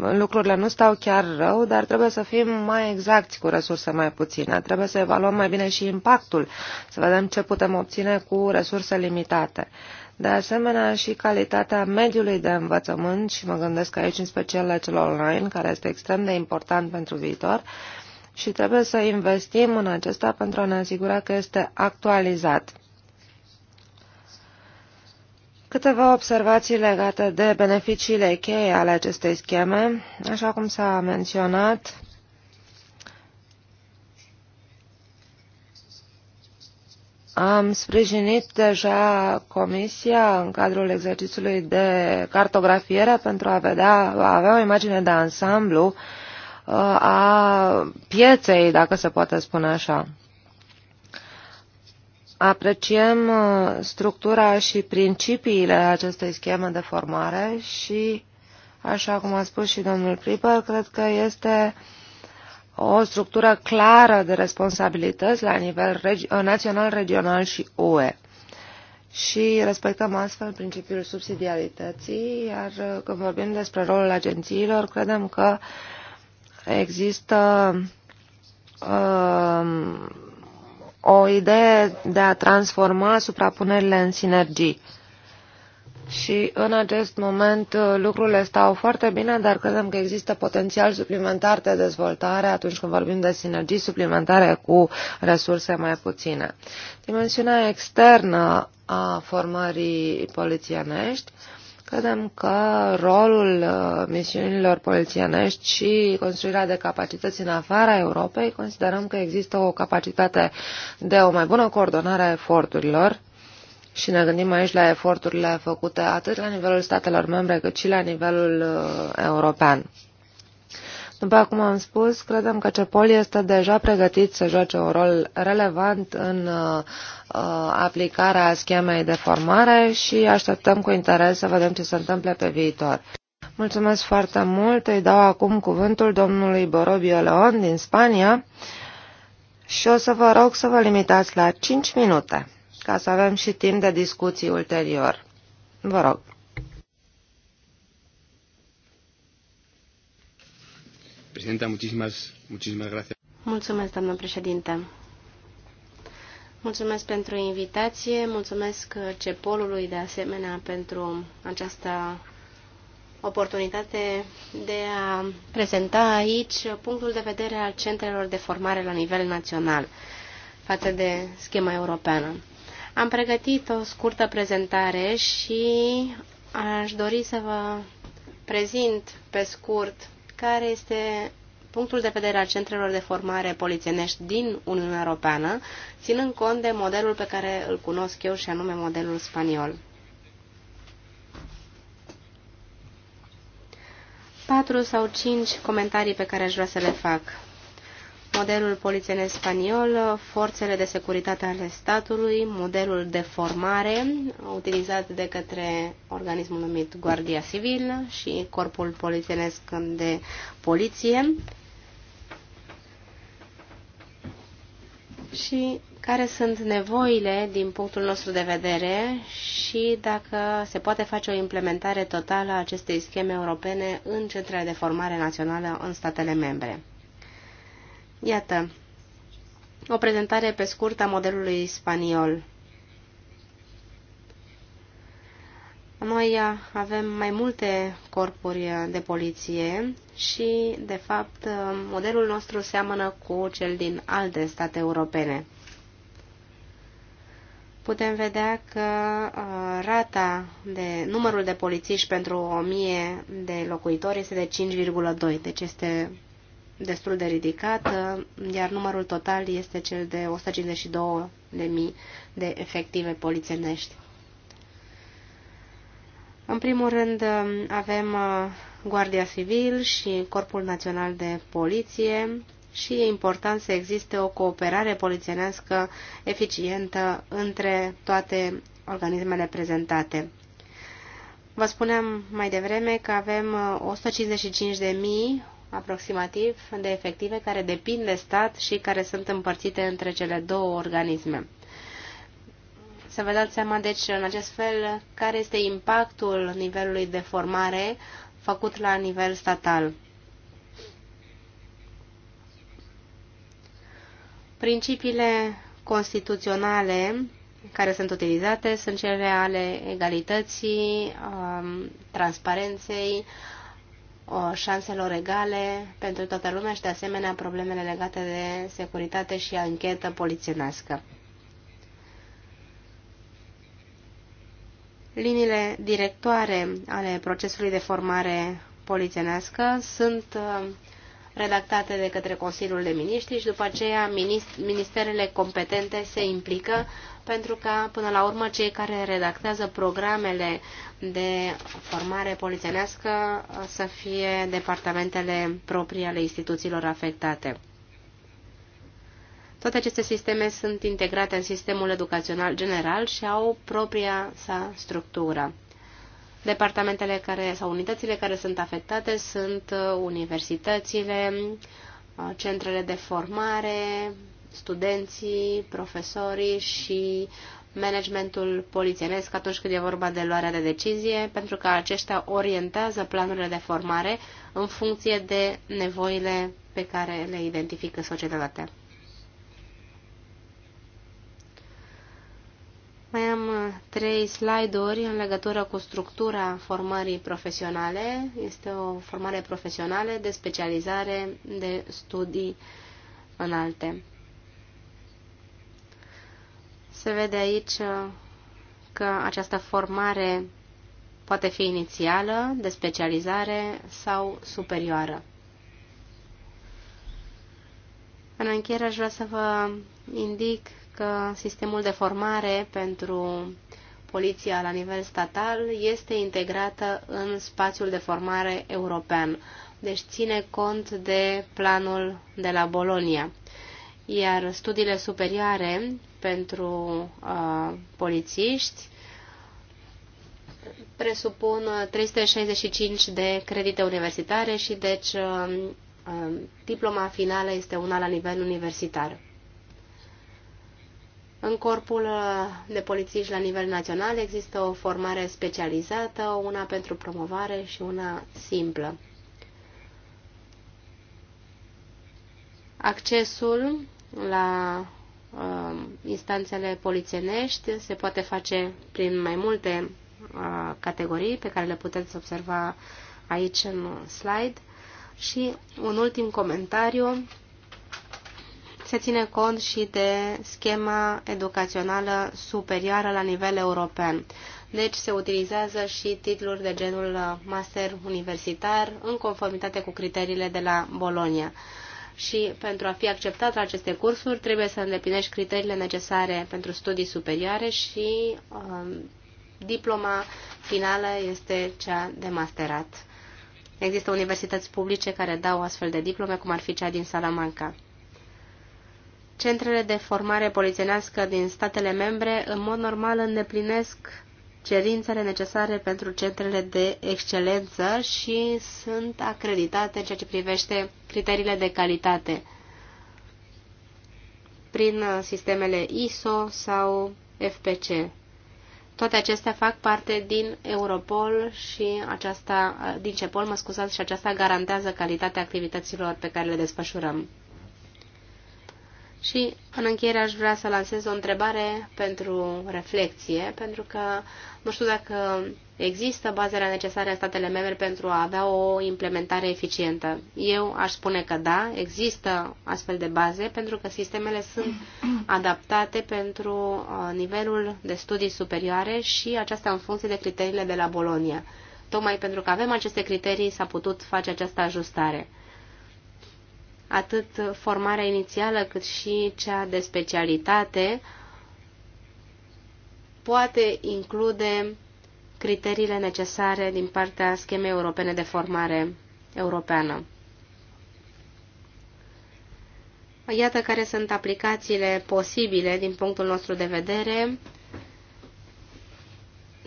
lucrurile nu stau chiar rău, dar trebuie să fim mai exacti cu resurse mai puține. Trebuie să evaluăm mai bine și impactul, să vedem ce putem obține cu resurse limitate. De asemenea, și calitatea mediului de învățământ, și mă gândesc aici în special la cel online, care este extrem de important pentru viitor, și trebuie să investim în acesta pentru a ne asigura că este actualizat Câteva observații legate de beneficiile cheie ale acestei scheme. Așa cum s-a menționat, Am sprijinit deja Comisia în cadrul exercițiului de cartografiere pentru a, vedea, a avea o imagine de ansamblu uh, a pieței, dacă se poate spune așa. Apreciem uh, structura și principiile acestei scheme de formare și, așa cum a spus și domnul Piper, cred că este o structură clară de responsabilități la nivel regi uh, național, regional și UE. Și respectăm astfel principiul subsidiarității, iar uh, când vorbim despre rolul agențiilor, credem că există uh, o idee de a transforma suprapunerile în sinergii. Și în acest moment uh, lucrurile stau foarte bine, dar credem că există potențial suplimentar de dezvoltare atunci când vorbim de sinergii suplimentare cu resurse mai puține. Dimensiunea externă a formării polițienești Credem că rolul uh, misiunilor polițienești și construirea de capacități în afara Europei, considerăm că există o capacitate de o mai bună coordonare a eforturilor și ne gândim aici la eforturile făcute atât la nivelul statelor membre cât și la nivelul uh, european. După cum am spus, credem că CEPOL este deja pregătit să joace un rol relevant în uh, uh, aplicarea schemei de formare și așteptăm cu interes să vedem ce se întâmplă pe viitor. Mulțumesc foarte mult. Îi dau acum cuvântul domnului Borobio Leon din Spania și o să vă rog să vă limitați la 5 minute, ca să avem și timp de discuții ulterior. Vă rog. Presidenta, muchísimas, muchísimas gracias. Mulțumesc, doamnă președinte. Mulțumesc pentru invitație, mulțumesc CEPOL-ului de asemenea pentru această oportunitate de a prezenta aici punctul de vedere al centrelor de formare la nivel național față de schema europeană. Am pregătit o scurtă prezentare și aș dori să vă prezint pe scurt care este punctul de vedere al centrelor de formare polițienești din Uniunea Europeană, ținând cont de modelul pe care îl cunosc eu și anume modelul spaniol. Patru sau cinci comentarii pe care aș vrea să le fac modelul polițienesc spaniol, forțele de securitate ale statului, modelul de formare utilizat de către organismul numit Guardia Civil și corpul polițienesc de poliție și care sunt nevoile din punctul nostru de vedere și dacă se poate face o implementare totală a acestei scheme europene în centrele de formare națională în statele membre. Iată, o prezentare pe scurt a modelului spaniol. Noi uh, avem mai multe corpuri uh, de poliție și, de fapt, uh, modelul nostru seamănă cu cel din alte state europene. Putem vedea că rata de numărul de polițiști pentru 1000 de locuitori este de 5,2, deci este destul de ridicat, iar numărul total este cel de 152.000 de efective polițienești. În primul rând avem uh, Guardia Civil și Corpul Național de Poliție și e important să existe o cooperare polițienească eficientă între toate organismele prezentate. Vă spuneam mai devreme că avem 155.000 uh, aproximativ de efective care depind de stat și care sunt împărțite între cele două organisme. Să vă dați seama, deci, în acest fel, care este impactul nivelului de formare făcut la nivel statal. Principiile constituționale care sunt utilizate sunt cele ale egalității, um, transparenței, Uh, șanselor egale pentru toată lumea și, de asemenea, problemele legate de securitate și anchetă poliționească. Liniile directoare ale procesului de formare poliționească sunt uh, redactate de către Consiliul de Miniștri și după aceea ministerele competente se implică pentru ca până la urmă cei care redactează programele de formare polițienească să fie departamentele proprii ale instituțiilor afectate. Toate aceste sisteme sunt integrate în sistemul educațional general și au propria sa structură. Departamentele care, sau unitățile care sunt afectate sunt uh, universitățile, uh, centrele de formare, studenții, profesorii și managementul polițienesc atunci când e vorba de luarea de decizie, pentru că aceștia orientează planurile de formare în funcție de nevoile pe care le identifică societatea. Mai am uh, trei slide-uri în legătură cu structura formării profesionale. Este o formare profesională de specializare de studii înalte. Se vede aici uh, că această formare poate fi inițială, de specializare sau superioară. În încheiere aș vrea să vă indic că sistemul de formare pentru poliția la nivel statal este integrată în spațiul de formare european, deci ține cont de planul de la Bolonia. Iar studiile superioare pentru uh, polițiști presupun 365 de credite universitare și deci uh, uh, diploma finală este una la nivel universitar. În corpul uh, de polițiști la nivel național există o formare specializată, una pentru promovare și una simplă. Accesul la uh, instanțele polițienești se poate face prin mai multe uh, categorii pe care le puteți observa aici în slide. Și un ultim comentariu se ține cont și de schema educațională superioară la nivel european. Deci se utilizează și titluri de genul uh, master universitar în conformitate cu criteriile de la Bolonia. Și pentru a fi acceptat la aceste cursuri trebuie să îndeplinești criteriile necesare pentru studii superioare și um, diploma finală este cea de masterat. Există universități publice care dau astfel de diplome, cum ar fi cea din Salamanca. Centrele de formare polițienească din statele membre în mod normal îndeplinesc cerințele necesare pentru centrele de excelență și sunt acreditate în ceea ce privește criteriile de calitate prin sistemele ISO sau FPC. Toate acestea fac parte din Europol și aceasta, din CEPOL, mă scuzați, și aceasta garantează calitatea activităților pe care le desfășurăm. Și în încheiere aș vrea să lansez o întrebare pentru reflexie, pentru că nu știu dacă există bazele necesare în statele membre pentru a avea o implementare eficientă. Eu aș spune că da, există astfel de baze, pentru că sistemele sunt adaptate pentru uh, nivelul de studii superioare și aceasta în funcție de criteriile de la Bolonia. Tocmai pentru că avem aceste criterii s-a putut face această ajustare atât formarea inițială cât și cea de specialitate, poate include criteriile necesare din partea schemei europene de formare europeană. Iată care sunt aplicațiile posibile din punctul nostru de vedere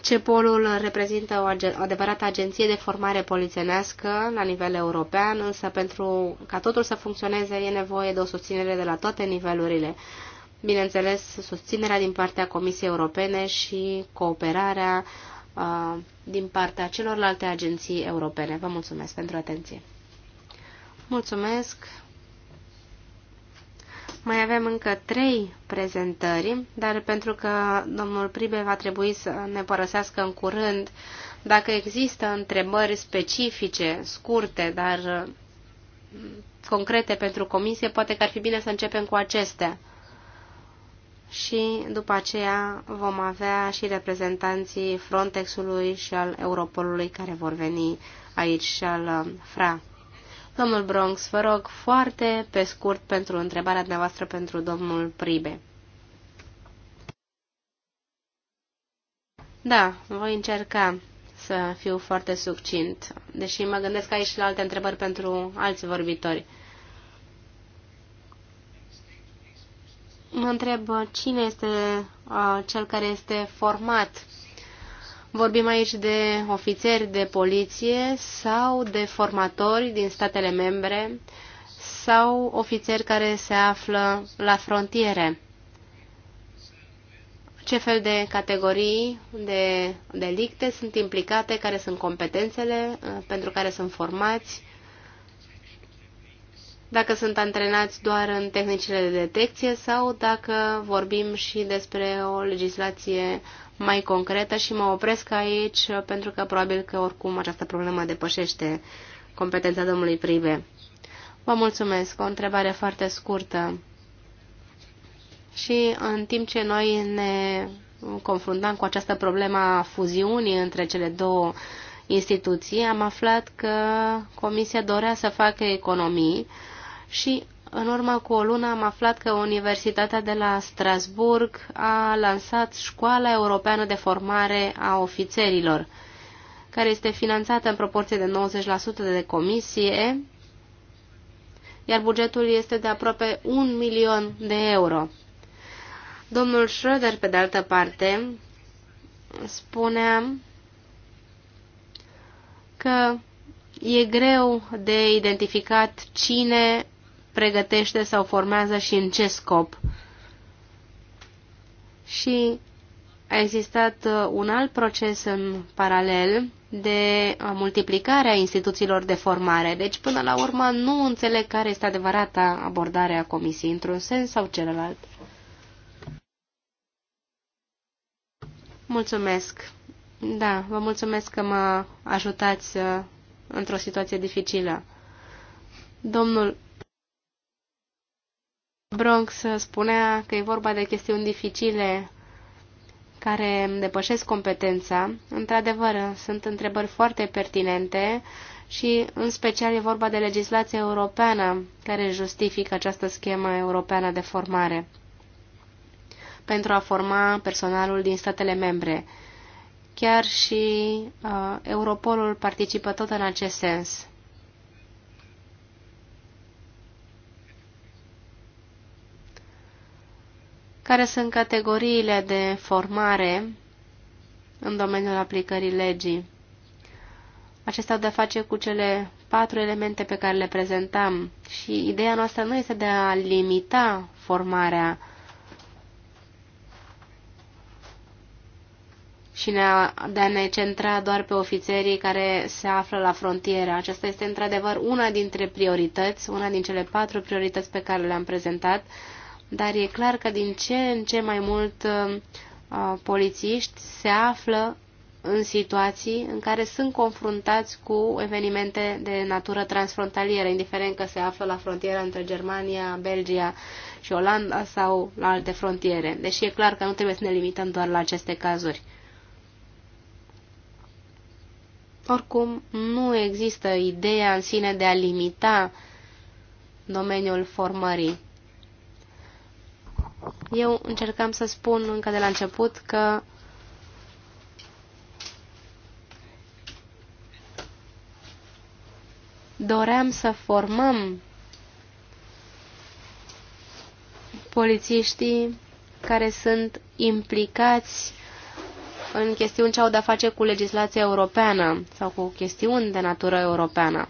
CEPOL-ul reprezintă o adevărată agenție de formare polițienească la nivel european, însă pentru ca totul să funcționeze e nevoie de o susținere de la toate nivelurile. Bineînțeles, susținerea din partea Comisiei Europene și cooperarea uh, din partea celorlalte agenții europene. Vă mulțumesc pentru atenție. Mulțumesc. Mai avem încă trei prezentări, dar pentru că domnul Pribe va trebui să ne părăsească în curând, dacă există întrebări specifice, scurte, dar mm, concrete pentru comisie, poate că ar fi bine să începem cu acestea. Și după aceea vom avea și reprezentanții Frontexului și al Europolului care vor veni aici și al uh, FRA. Domnul Bronx, vă rog foarte pe scurt pentru întrebarea dumneavoastră pentru domnul Pribe. Da, voi încerca să fiu foarte succint, deși mă gândesc aici la alte întrebări pentru alți vorbitori. Mă întreb cine este uh, cel care este format Vorbim aici de ofițeri de poliție sau de formatori din statele membre sau ofițeri care se află la frontiere. Ce fel de categorii de delicte sunt implicate, care sunt competențele uh, pentru care sunt formați, dacă sunt antrenați doar în tehnicile de detecție sau dacă vorbim și despre o legislație mai concretă și mă opresc aici pentru că probabil că oricum această problemă depășește competența domnului Prive. Vă mulțumesc. O întrebare foarte scurtă. Și în timp ce noi ne confruntam cu această problemă a fuziunii între cele două instituții, am aflat că Comisia dorea să facă economii și în urmă cu o lună am aflat că Universitatea de la Strasburg a lansat Școala Europeană de Formare a Ofițerilor, care este finanțată în proporție de 90% de comisie, iar bugetul este de aproape 1 milion de euro. Domnul Schröder, pe de altă parte, spunea că e greu de identificat cine pregătește sau formează și în ce scop. Și a existat uh, un alt proces în paralel de uh, multiplicare a instituțiilor de formare. Deci, până la urmă, nu înțeleg care este adevărata abordare a comisiei, într-un sens sau celălalt. Mulțumesc. Da, vă mulțumesc că mă ajutați uh, într-o situație dificilă. Domnul Bronx spunea că e vorba de chestiuni dificile care depășesc competența. Într-adevăr, sunt întrebări foarte pertinente și, în special, e vorba de legislația europeană care justifică această schemă europeană de formare pentru a forma personalul din statele membre. Chiar și uh, Europolul participă tot în acest sens. care sunt categoriile de formare în domeniul aplicării legii. Acestea au de face cu cele patru elemente pe care le prezentam și ideea noastră nu este de a limita formarea și de a ne centra doar pe ofițerii care se află la frontieră. Aceasta este într-adevăr una dintre priorități, una din cele patru priorități pe care le-am prezentat dar e clar că din ce în ce mai mult uh, uh, polițiști se află în situații în care sunt confruntați cu evenimente de natură transfrontalieră, indiferent că se află la frontiera între Germania, Belgia și Olanda sau la alte frontiere. Deși e clar că nu trebuie să ne limităm doar la aceste cazuri. Oricum, nu există ideea în sine de a limita domeniul formării. Eu încercam să spun încă de la început că doream să formăm polițiștii care sunt implicați în chestiuni ce au de-a face cu legislația europeană sau cu chestiuni de natură europeană.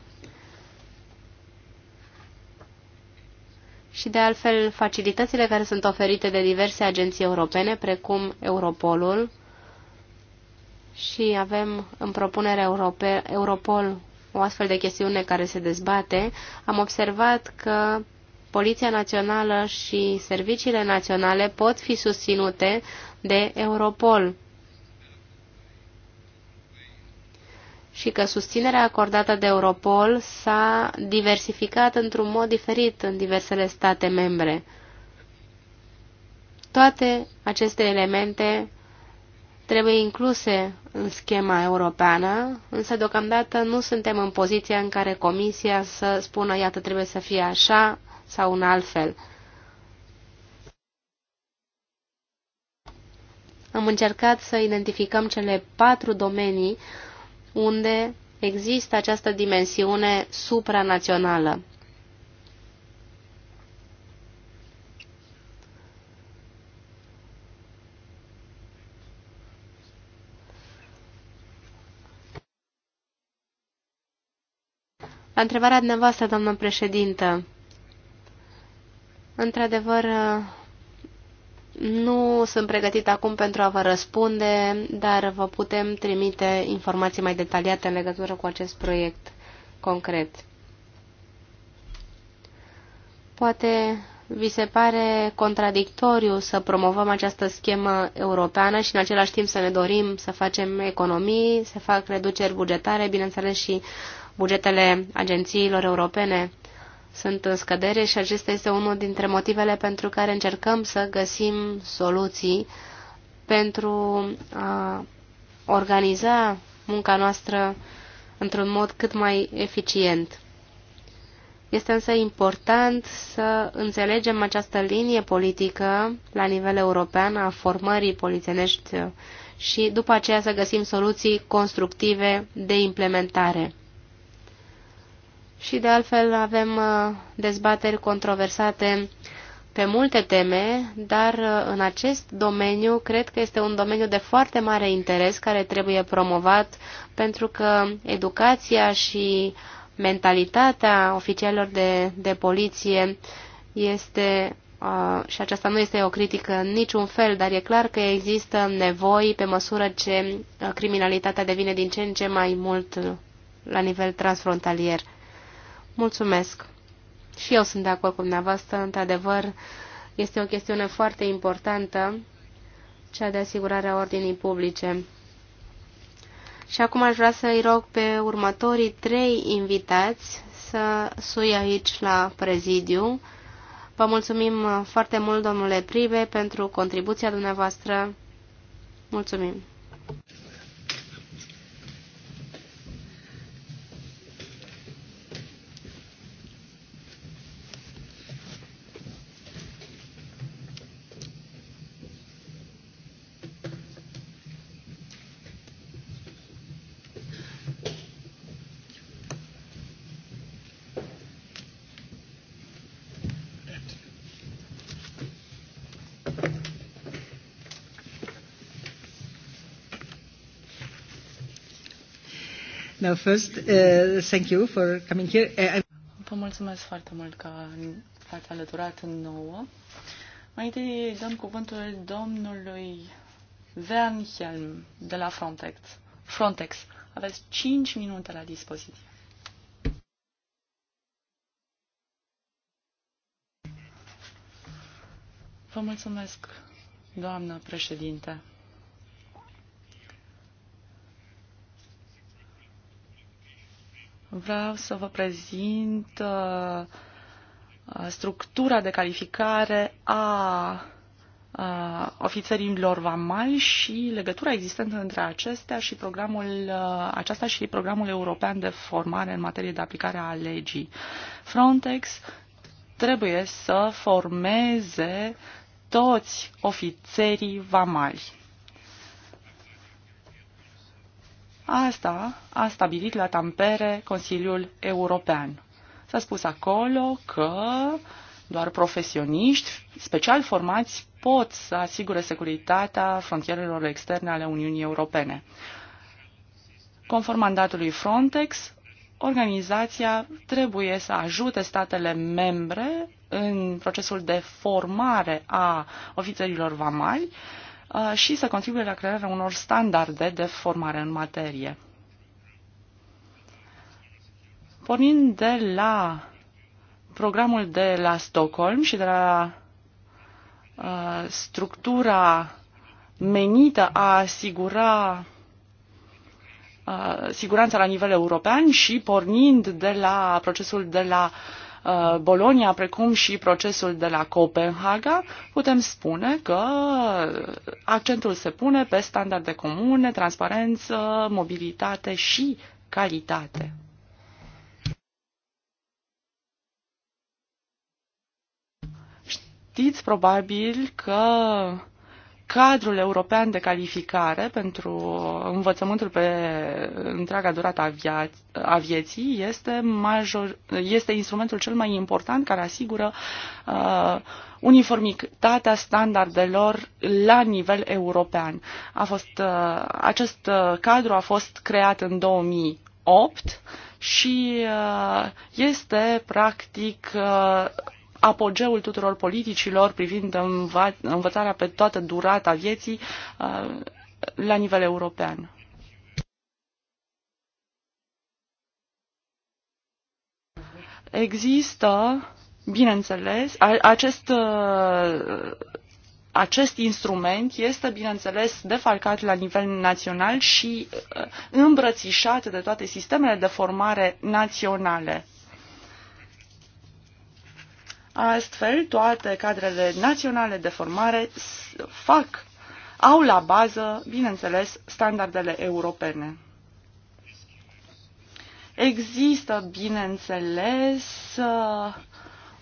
și, de altfel, facilitățile care sunt oferite de diverse agenții europene, precum Europolul, și avem în propunere Europe, Europol o astfel de chestiune care se dezbate, am observat că Poliția Națională și serviciile naționale pot fi susținute de Europol și că susținerea acordată de Europol s-a diversificat într-un mod diferit în diversele state membre. Toate aceste elemente trebuie incluse în schema europeană, însă deocamdată nu suntem în poziția în care Comisia să spună, iată, trebuie să fie așa sau un altfel. Am încercat să identificăm cele patru domenii unde există această dimensiune supranațională. La întrebarea dumneavoastră, doamnă președintă, într-adevăr, nu sunt pregătit acum pentru a vă răspunde, dar vă putem trimite informații mai detaliate în legătură cu acest proiect concret. Poate vi se pare contradictoriu să promovăm această schemă europeană și în același timp să ne dorim să facem economii, să fac reduceri bugetare, bineînțeles și bugetele agențiilor europene sunt în scădere și acesta este unul dintre motivele pentru care încercăm să găsim soluții pentru a organiza munca noastră într-un mod cât mai eficient. Este însă important să înțelegem această linie politică la nivel european a formării polițienești și după aceea să găsim soluții constructive de implementare și de altfel avem uh, dezbateri controversate pe multe teme, dar uh, în acest domeniu cred că este un domeniu de foarte mare interes care trebuie promovat pentru că educația și mentalitatea oficialilor de, de poliție este, uh, și aceasta nu este o critică în niciun fel, dar e clar că există nevoi pe măsură ce criminalitatea devine din ce în ce mai mult la nivel transfrontalier. Mulțumesc! Și eu sunt de acord cu dumneavoastră, într-adevăr, este o chestiune foarte importantă, cea de asigurarea ordinii publice. Și acum aș vrea să-i rog pe următorii trei invitați să sui aici la prezidiu. Vă mulțumim foarte mult, domnule Prive, pentru contribuția dumneavoastră. Mulțumim! No, first, uh, thank you for coming here. Uh, Vă mulțumesc foarte mult că v-ați alăturat în nouă. Mai întâi dăm cuvântul domnului Van Helm de la Frontex. Frontex. Aveți 5 minute la dispoziție. Vă mulțumesc, doamnă președinte. vreau să vă prezint uh, structura de calificare a uh, ofițerilor vamali și legătura existentă între acestea și programul uh, aceasta și programul european de formare în materie de aplicare a legii. Frontex trebuie să formeze toți ofițerii vamali. Asta a stabilit la Tampere Consiliul European. S-a spus acolo că doar profesioniști special formați pot să asigure securitatea frontierelor externe ale Uniunii Europene. Conform mandatului Frontex, organizația trebuie să ajute statele membre în procesul de formare a ofițerilor vamali Uh, și să contribuie la crearea unor standarde de formare în materie. Pornind de la programul de la Stockholm și de la uh, structura menită a asigura uh, siguranța la nivel european și pornind de la procesul de la uh, Uh, Bolonia, precum și procesul de la Copenhaga, putem spune că accentul se pune pe standarde comune, transparență, mobilitate și calitate. Știți probabil că cadrul european de calificare pentru învățământul pe întreaga durată a, via- a vieții este, major, este instrumentul cel mai important care asigură uh, uniformitatea standardelor la nivel european. A fost, uh, acest uh, cadru a fost creat în 2008 și uh, este practic uh, apogeul tuturor politicilor privind învă învățarea pe toată durata vieții uh, la nivel european. Există, bineînțeles, acest uh, acest instrument este, bineînțeles, defalcat la nivel național și uh, îmbrățișat de toate sistemele de formare naționale. Astfel, toate cadrele naționale de formare fac, au la bază, bineînțeles, standardele europene. Există, bineînțeles,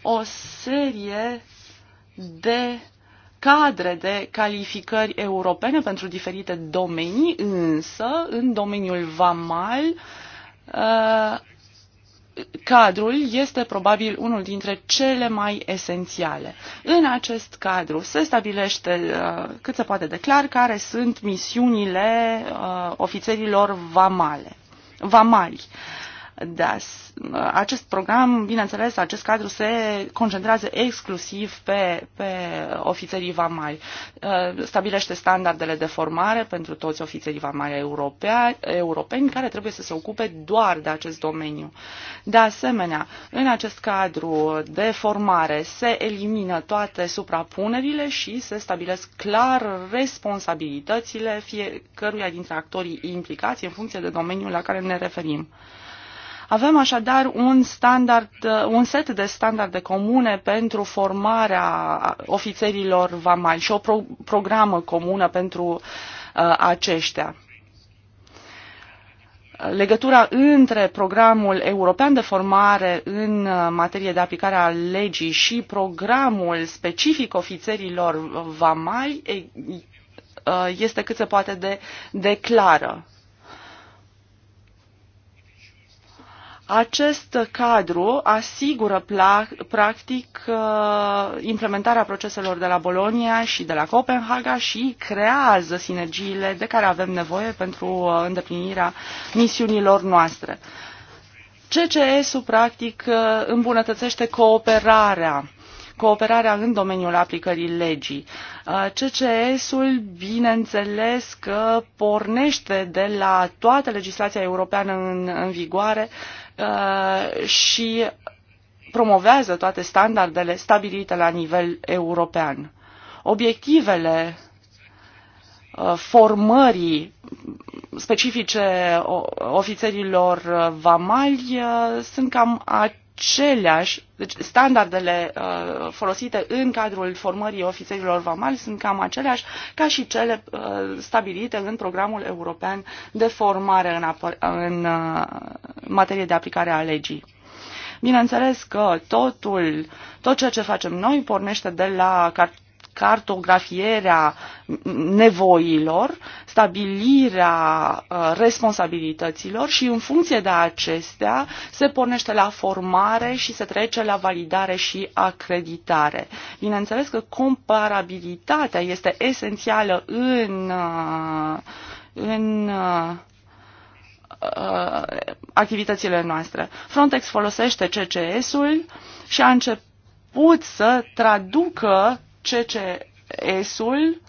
o serie de cadre de calificări europene pentru diferite domenii, însă în domeniul VAMAL uh, cadrul este probabil unul dintre cele mai esențiale. În acest cadru se stabilește uh, cât se poate de clar care sunt misiunile uh, ofițerilor vamale, vamali. Uh, da, acest program, bineînțeles, acest cadru se concentrează exclusiv pe, pe ofițerii vamari. Uh, stabilește standardele de formare pentru toți ofițerii vamari europeni care trebuie să se ocupe doar de acest domeniu. De asemenea, în acest cadru de formare se elimină toate suprapunerile și se stabilesc clar responsabilitățile fiecăruia dintre actorii implicați în funcție de domeniul la care ne referim. Avem așadar un, standard, un set de standarde comune pentru formarea ofițerilor vamali și o pro programă comună pentru uh, aceștia legătura între programul european de formare în uh, materie de aplicare a legii și programul specific ofițerilor vamali uh, este cât se poate de, de clară. Acest cadru asigură practic uh, implementarea proceselor de la Bolonia și de la Copenhaga și creează sinergiile de care avem nevoie pentru uh, îndeplinirea misiunilor noastre. CCS-ul practic uh, îmbunătățește cooperarea cooperarea în domeniul aplicării legii. Uh, CCS-ul, bineînțeles că pornește de la toată legislația europeană în, în vigoare uh, și promovează toate standardele stabilite la nivel european. Obiectivele uh, formării specifice ofițerilor vamali sunt cam aceleași, deci standardele uh, folosite în cadrul formării ofițerilor vamali sunt cam aceleași ca și cele uh, stabilite în programul european de formare în, în uh, materie de aplicare a legii. Bineînțeles că totul, tot ceea ce facem noi pornește de la cart cartografierea nevoilor, stabilirea uh, responsabilităților și în funcție de acestea se pornește la formare și se trece la validare și acreditare. Bineînțeles că comparabilitatea este esențială în, uh, în uh, activitățile noastre. Frontex folosește CCS-ul și a început început să traducă CCS-ul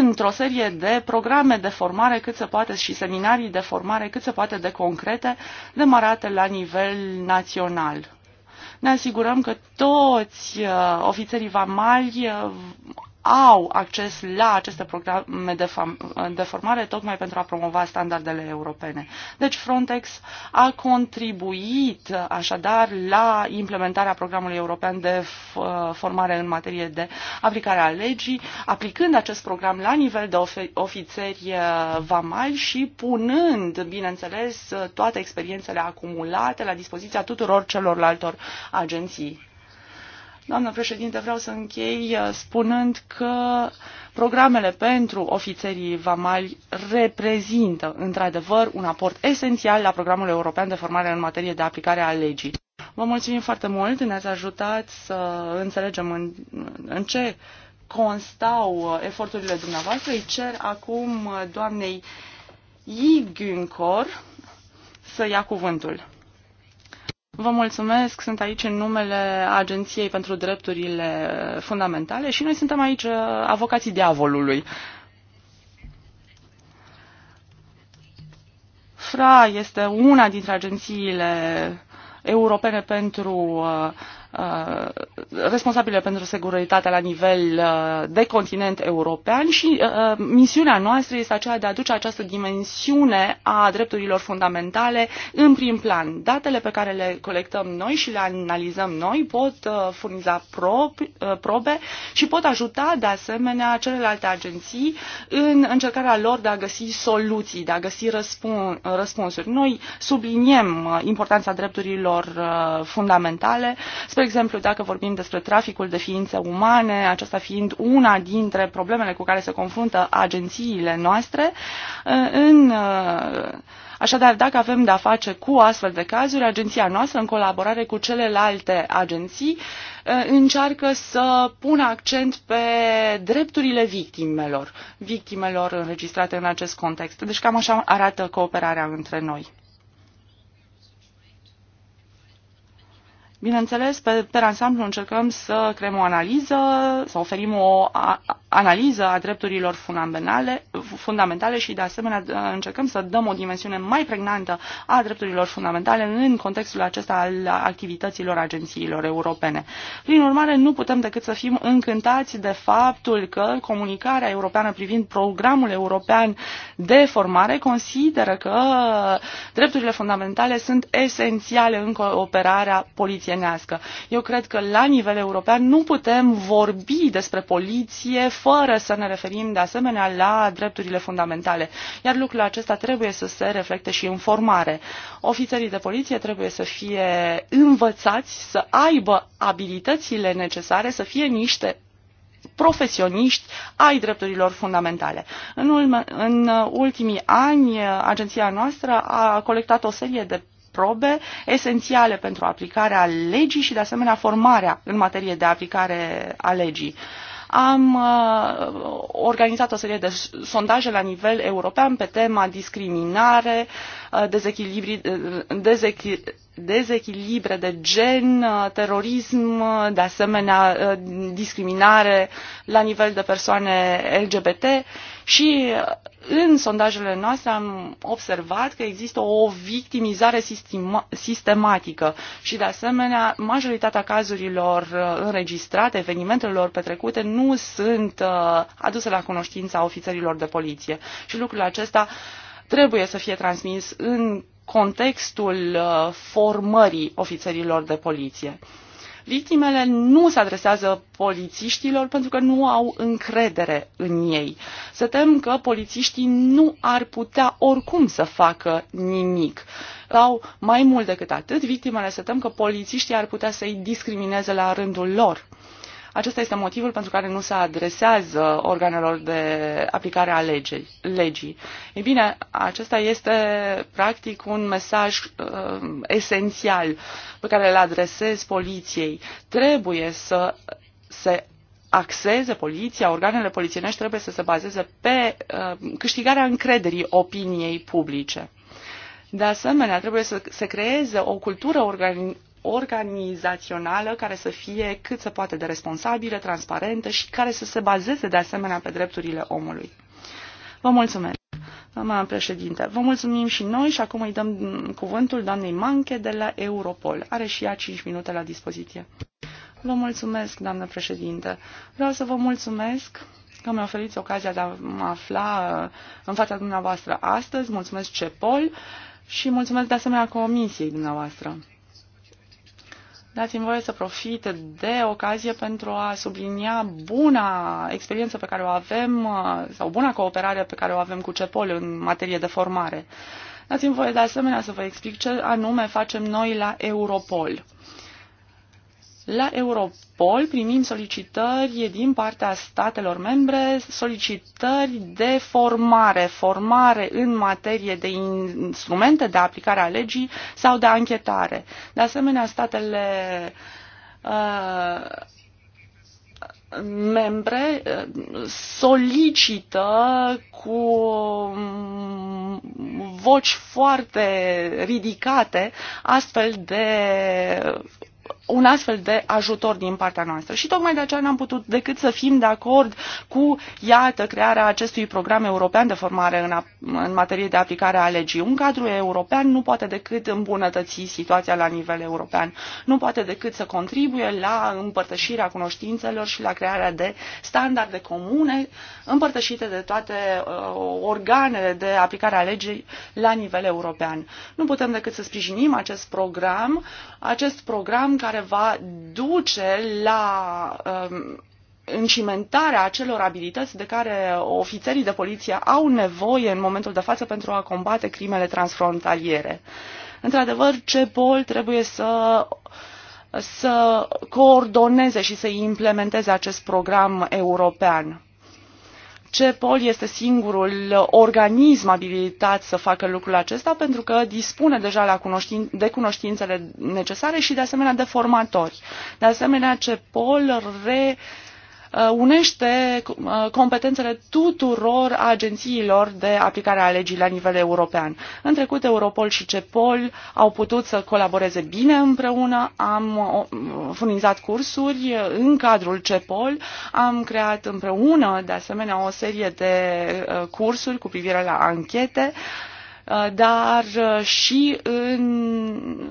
într-o serie de programe de formare cât se poate și seminarii de formare cât se poate de concrete, demarate la nivel național. Ne asigurăm că toți uh, ofițerii vamali uh, au acces la aceste programe de, de formare tocmai pentru a promova standardele europene. Deci Frontex a contribuit așadar la implementarea programului european de formare în materie de aplicare a legii, aplicând acest program la nivel de ofi ofițeri uh, vamali și punând, bineînțeles, toate experiențele acumulate la dispoziția tuturor celorlaltor agenții. Doamnă președinte, vreau să închei uh, spunând că programele pentru ofițerii vamali reprezintă, într-adevăr, un aport esențial la programul european de formare în materie de aplicare a legii. Vă mulțumim foarte mult, ne-ați ajutat să înțelegem în, în ce constau uh, eforturile dumneavoastră. Îi cer acum uh, doamnei Iguncor să ia cuvântul. Vă mulțumesc, sunt aici în numele Agenției pentru Drepturile Fundamentale și noi suntem aici uh, avocații diavolului. FRA este una dintre agențiile europene pentru uh, Uh, responsabile pentru securitatea la nivel uh, de continent european și uh, misiunea noastră este aceea de a aduce această dimensiune a drepturilor fundamentale în prim plan. Datele pe care le colectăm noi și le analizăm noi pot furniza probe și pot ajuta de asemenea celelalte agenții în încercarea lor de a găsi soluții, de a găsi răspunsuri. Noi subliniem importanța drepturilor fundamentale, Spre exemplu, dacă vorbim despre traficul de ființe umane, acesta fiind una dintre problemele cu care se confruntă agențiile noastre, în Așadar, dacă avem de-a face cu astfel de cazuri, agenția noastră, în colaborare cu celelalte agenții, încearcă să pună accent pe drepturile victimelor, victimelor înregistrate în acest context. Deci cam așa arată cooperarea între noi. Bineînțeles, pe, pe ansamblu încercăm să creăm o analiză, să oferim o a, analiză a drepturilor fundamentale, fundamentale și, de asemenea, încercăm să dăm o dimensiune mai pregnantă a drepturilor fundamentale în contextul acesta al activităților agențiilor europene. Prin urmare, nu putem decât să fim încântați de faptul că comunicarea europeană privind programul european de formare consideră că drepturile fundamentale sunt esențiale în cooperarea poliției polițienească. Eu cred că la nivel european nu putem vorbi despre poliție fără să ne referim de asemenea la drepturile fundamentale. Iar lucrul acesta trebuie să se reflecte și în formare. Ofițerii de poliție trebuie să fie învățați să aibă abilitățile necesare, să fie niște profesioniști ai drepturilor fundamentale. În, ulme, în ultimii ani, agenția noastră a colectat o serie de probe esențiale pentru aplicarea legii și, de asemenea, formarea în materie de aplicare a legii. Am uh, organizat o serie de sondaje la nivel european pe tema discriminare, uh, Uh, uh, dezechilibre de gen, uh, terorism, de asemenea discriminare la nivel de persoane LGBT și în sondajele noastre am observat că există o victimizare sistematică și, de asemenea, majoritatea cazurilor înregistrate, evenimentelor petrecute, nu sunt aduse la cunoștința ofițerilor de poliție. Și lucrul acesta uh, trebuie să fie transmis în contextul uh, formării ofițerilor de poliție. Victimele nu se adresează polițiștilor pentru că nu au încredere în ei. Se tem că polițiștii nu ar putea oricum să facă nimic. Sau mai mult decât atât, victimele se tem că polițiștii ar putea să-i discrimineze la rândul lor. Acesta este motivul pentru care nu se adresează organelor de aplicare a legei, legii. Ei bine, acesta este practic un mesaj uh, esențial pe care îl adresez poliției. Trebuie să se axeze poliția, organele polițienești trebuie să se bazeze pe uh, câștigarea încrederii opiniei publice. De asemenea, trebuie să se creeze o cultură organi- organizațională care să fie cât se poate de responsabilă, transparentă și care să se bazeze de asemenea pe drepturile omului. Vă mulțumesc, doamna președinte. Vă mulțumim și noi și acum îi dăm cuvântul doamnei Manche de la Europol. Are și ea 5 minute la dispoziție. Vă mulțumesc, doamnă președinte. Vreau să vă mulțumesc că mi-a oferit ocazia de a mă afla uh, în fața dumneavoastră astăzi. Mulțumesc CEPOL și mulțumesc de asemenea comisiei dumneavoastră. Dați-mi voie să profit de ocazie pentru a sublinia buna experiență pe care o avem uh, sau buna cooperare pe care o avem cu CEPOL în materie de formare. Dați-mi voie de asemenea să vă explic ce anume facem noi la Europol. La Europol primim solicitări din partea statelor membre, solicitări de formare, formare în materie de instrumente de aplicare a legii sau de anchetare. De asemenea, statele uh, membre uh, solicită cu um, voci foarte ridicate astfel de un astfel de ajutor din partea noastră. Și tocmai de aceea n-am putut decât să fim de acord cu, iată, crearea acestui program european de formare în, în materie de aplicare a legii. Un cadru european nu poate decât îmbunătăți situația la nivel european, nu poate decât să contribuie la împărtășirea cunoștințelor și la crearea de standarde comune împărtășite de toate uh, organele de aplicare a legii la nivel european. Nu putem decât să sprijinim acest program, acest program care care va duce la um, încimentarea acelor abilități de care ofițerii de poliție au nevoie în momentul de față pentru a combate crimele transfrontaliere. Într-adevăr, CEPOL trebuie să să coordoneze și să implementeze acest program european. CEPOL este singurul organism abilitat să facă lucrul acesta pentru că dispune deja la cunoștin, de cunoștințele necesare și de asemenea de formatori. De asemenea, CEPOL re, uh, Uh, unește uh, competențele tuturor agențiilor de aplicare a legii la nivel european. În trecut, Europol și CEPOL au putut să colaboreze bine împreună, am uh, furnizat cursuri în cadrul CEPOL, am creat împreună, de asemenea, o serie de cursuri cu privire la anchete, dar și în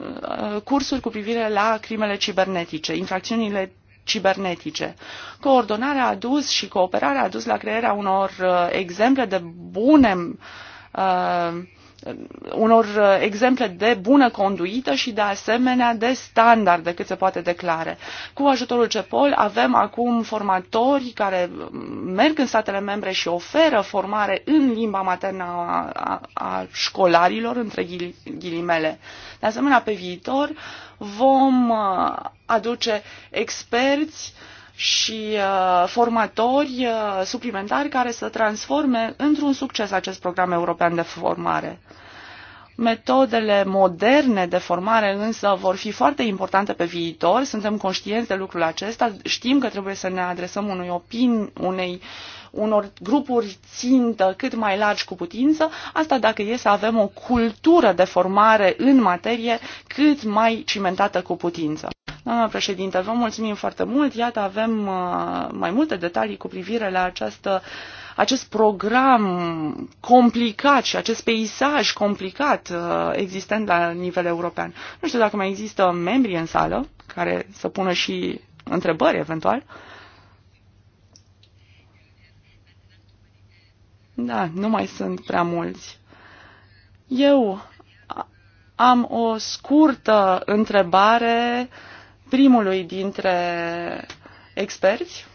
cursuri cu privire la crimele cibernetice, infracțiunile cibernetice. Coordonarea a dus și cooperarea a dus la crearea unor uh, exemple de bune uh, unor uh, exemple de bună conduită și de asemenea de standarde cât se poate declare. Cu ajutorul CEPOL avem acum formatori care mm, merg în statele membre și oferă formare în limba maternă a, a, a școlarilor, între ghilimele. De asemenea, pe viitor vom uh, aduce experți și uh, formatori uh, suplimentari care să transforme într-un succes acest program european de formare. Metodele moderne de formare însă vor fi foarte importante pe viitor. Suntem conștienți de lucrul acesta, știm că trebuie să ne adresăm unui opin, unei uh, unor grupuri țintă cât mai largi cu putință, asta dacă e să avem o cultură de formare în materie cât mai cimentată cu putință. Doamna președinte, vă mulțumim foarte mult. Iată, avem uh, mai multe detalii cu privire la această, acest program complicat și acest peisaj complicat uh, existent la nivel european. Nu știu dacă mai există membri în sală care să pună și întrebări eventual. Da, nu mai sunt prea mulți. Eu am o scurtă întrebare primului dintre experți.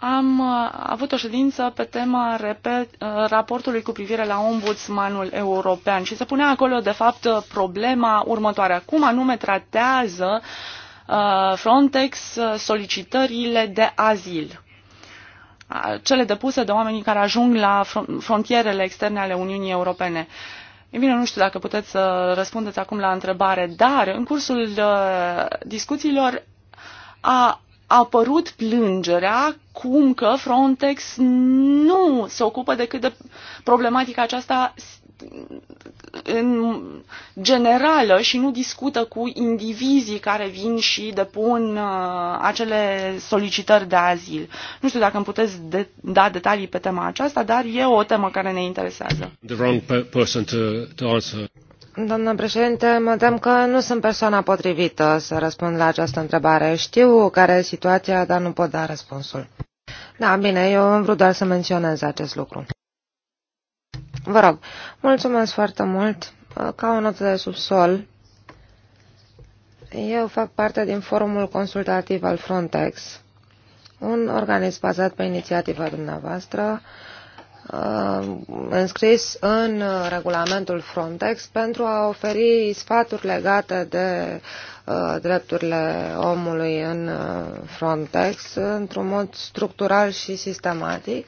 Am uh, avut o ședință pe tema repet, uh, raportului cu privire la ombudsmanul european și se punea acolo, de fapt, uh, problema următoare. Cum anume tratează Frontex solicitările de azil? Cele depuse de oamenii care ajung la frontierele externe ale Uniunii Europene. E bine, nu știu dacă puteți să răspundeți acum la întrebare, dar în cursul discuțiilor a a apărut plângerea cum că Frontex nu se ocupă decât de problematica aceasta în generală și nu discută cu indivizii care vin și depun uh, acele solicitări de azil. Nu știu dacă îmi puteți de- da detalii pe tema aceasta, dar e o temă care ne interesează. The wrong person to, to answer. Doamnă președinte, mă tem că nu sunt persoana potrivită să răspund la această întrebare. Știu care e situația, dar nu pot da răspunsul. Da, bine, eu am vrut doar să menționez acest lucru. Vă rog, mulțumesc foarte mult. Ca o notă de subsol, eu fac parte din forumul consultativ al Frontex, un organism bazat pe inițiativa dumneavoastră, Uh, înscris în uh, regulamentul Frontex pentru a oferi sfaturi legate de uh, drepturile omului în Frontex într-un mod structural și sistematic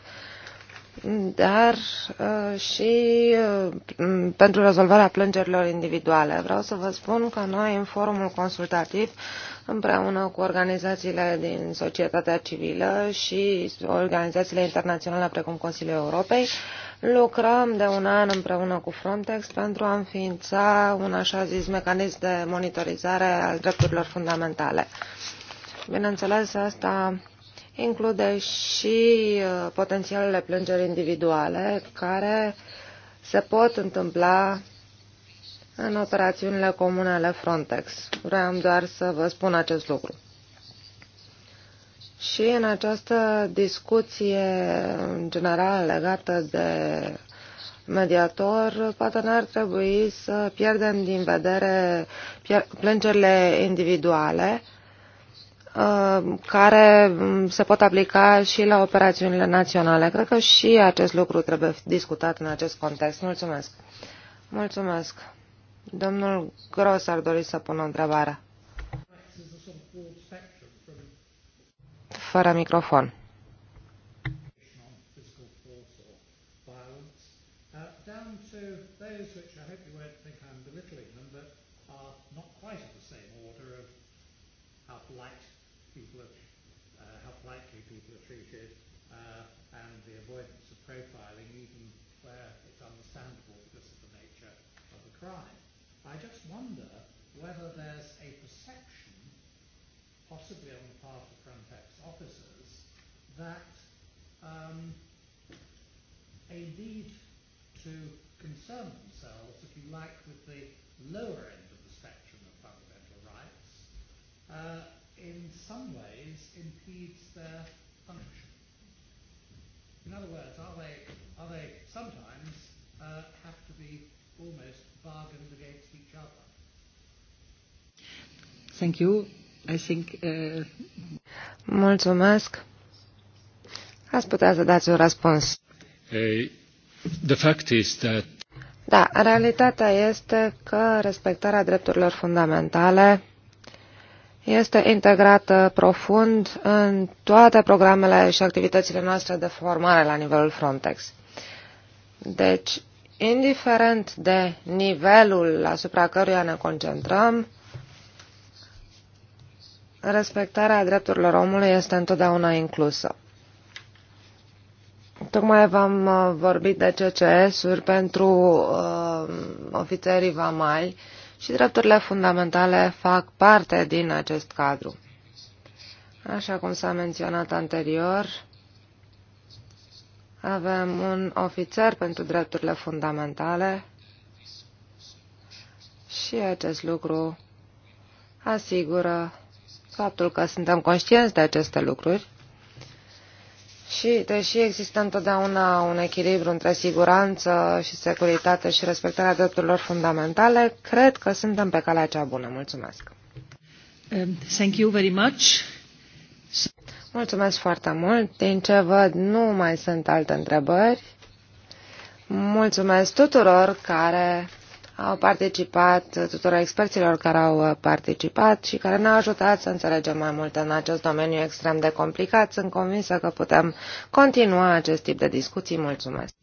dar uh, și uh, pentru rezolvarea plângerilor individuale. Vreau să vă spun că noi, în forumul consultativ, împreună cu organizațiile din societatea civilă și organizațiile internaționale precum Consiliul Europei, lucrăm de un an împreună cu Frontex pentru a înființa un așa zis mecanism de monitorizare al drepturilor fundamentale. Bineînțeles, asta include și uh, potențialele plângeri individuale care se pot întâmpla în operațiunile comune ale Frontex. Vreau doar să vă spun acest lucru. Și în această discuție în general legată de mediator, poate n-ar trebui să pierdem din vedere plângerile individuale, Uh, care mm, se pot aplica și la operațiunile naționale. Cred că și acest lucru trebuie discutat în acest context. Mulțumesc. Mulțumesc. Domnul Gros ar dori să pună o întrebare. Fără microfon. that um, a need to concern themselves, if you like, with the lower end of the spectrum of fundamental rights, uh, in some ways impedes their function. In other words, are they, are they sometimes uh, have to be almost bargained against each other? Thank you. I think, uh... Mulțumesc. Ați putea să dați un răspuns. Eh, the fact is that... Da, realitatea este că respectarea drepturilor fundamentale este integrată profund în toate programele și activitățile noastre de formare la nivelul Frontex. Deci, indiferent de nivelul asupra căruia ne concentrăm, respectarea drepturilor omului este întotdeauna inclusă. Tocmai v-am uh, vorbit de CCS-uri pentru uh, ofițerii vamali și drepturile fundamentale fac parte din acest cadru. Așa cum s-a menționat anterior, avem un ofițer pentru drepturile fundamentale și acest lucru asigură faptul că suntem conștienți de aceste lucruri și deși există întotdeauna un echilibru între siguranță și securitate și respectarea drepturilor fundamentale, cred că suntem pe calea cea bună. Mulțumesc. Um, thank you very much. Mulțumesc foarte mult. Din ce văd, nu mai sunt alte întrebări. Mulțumesc tuturor care au participat tuturor experților care au participat și care ne-au ajutat să înțelegem mai mult în acest domeniu extrem de complicat. Sunt convinsă că putem continua acest tip de discuții. Mulțumesc!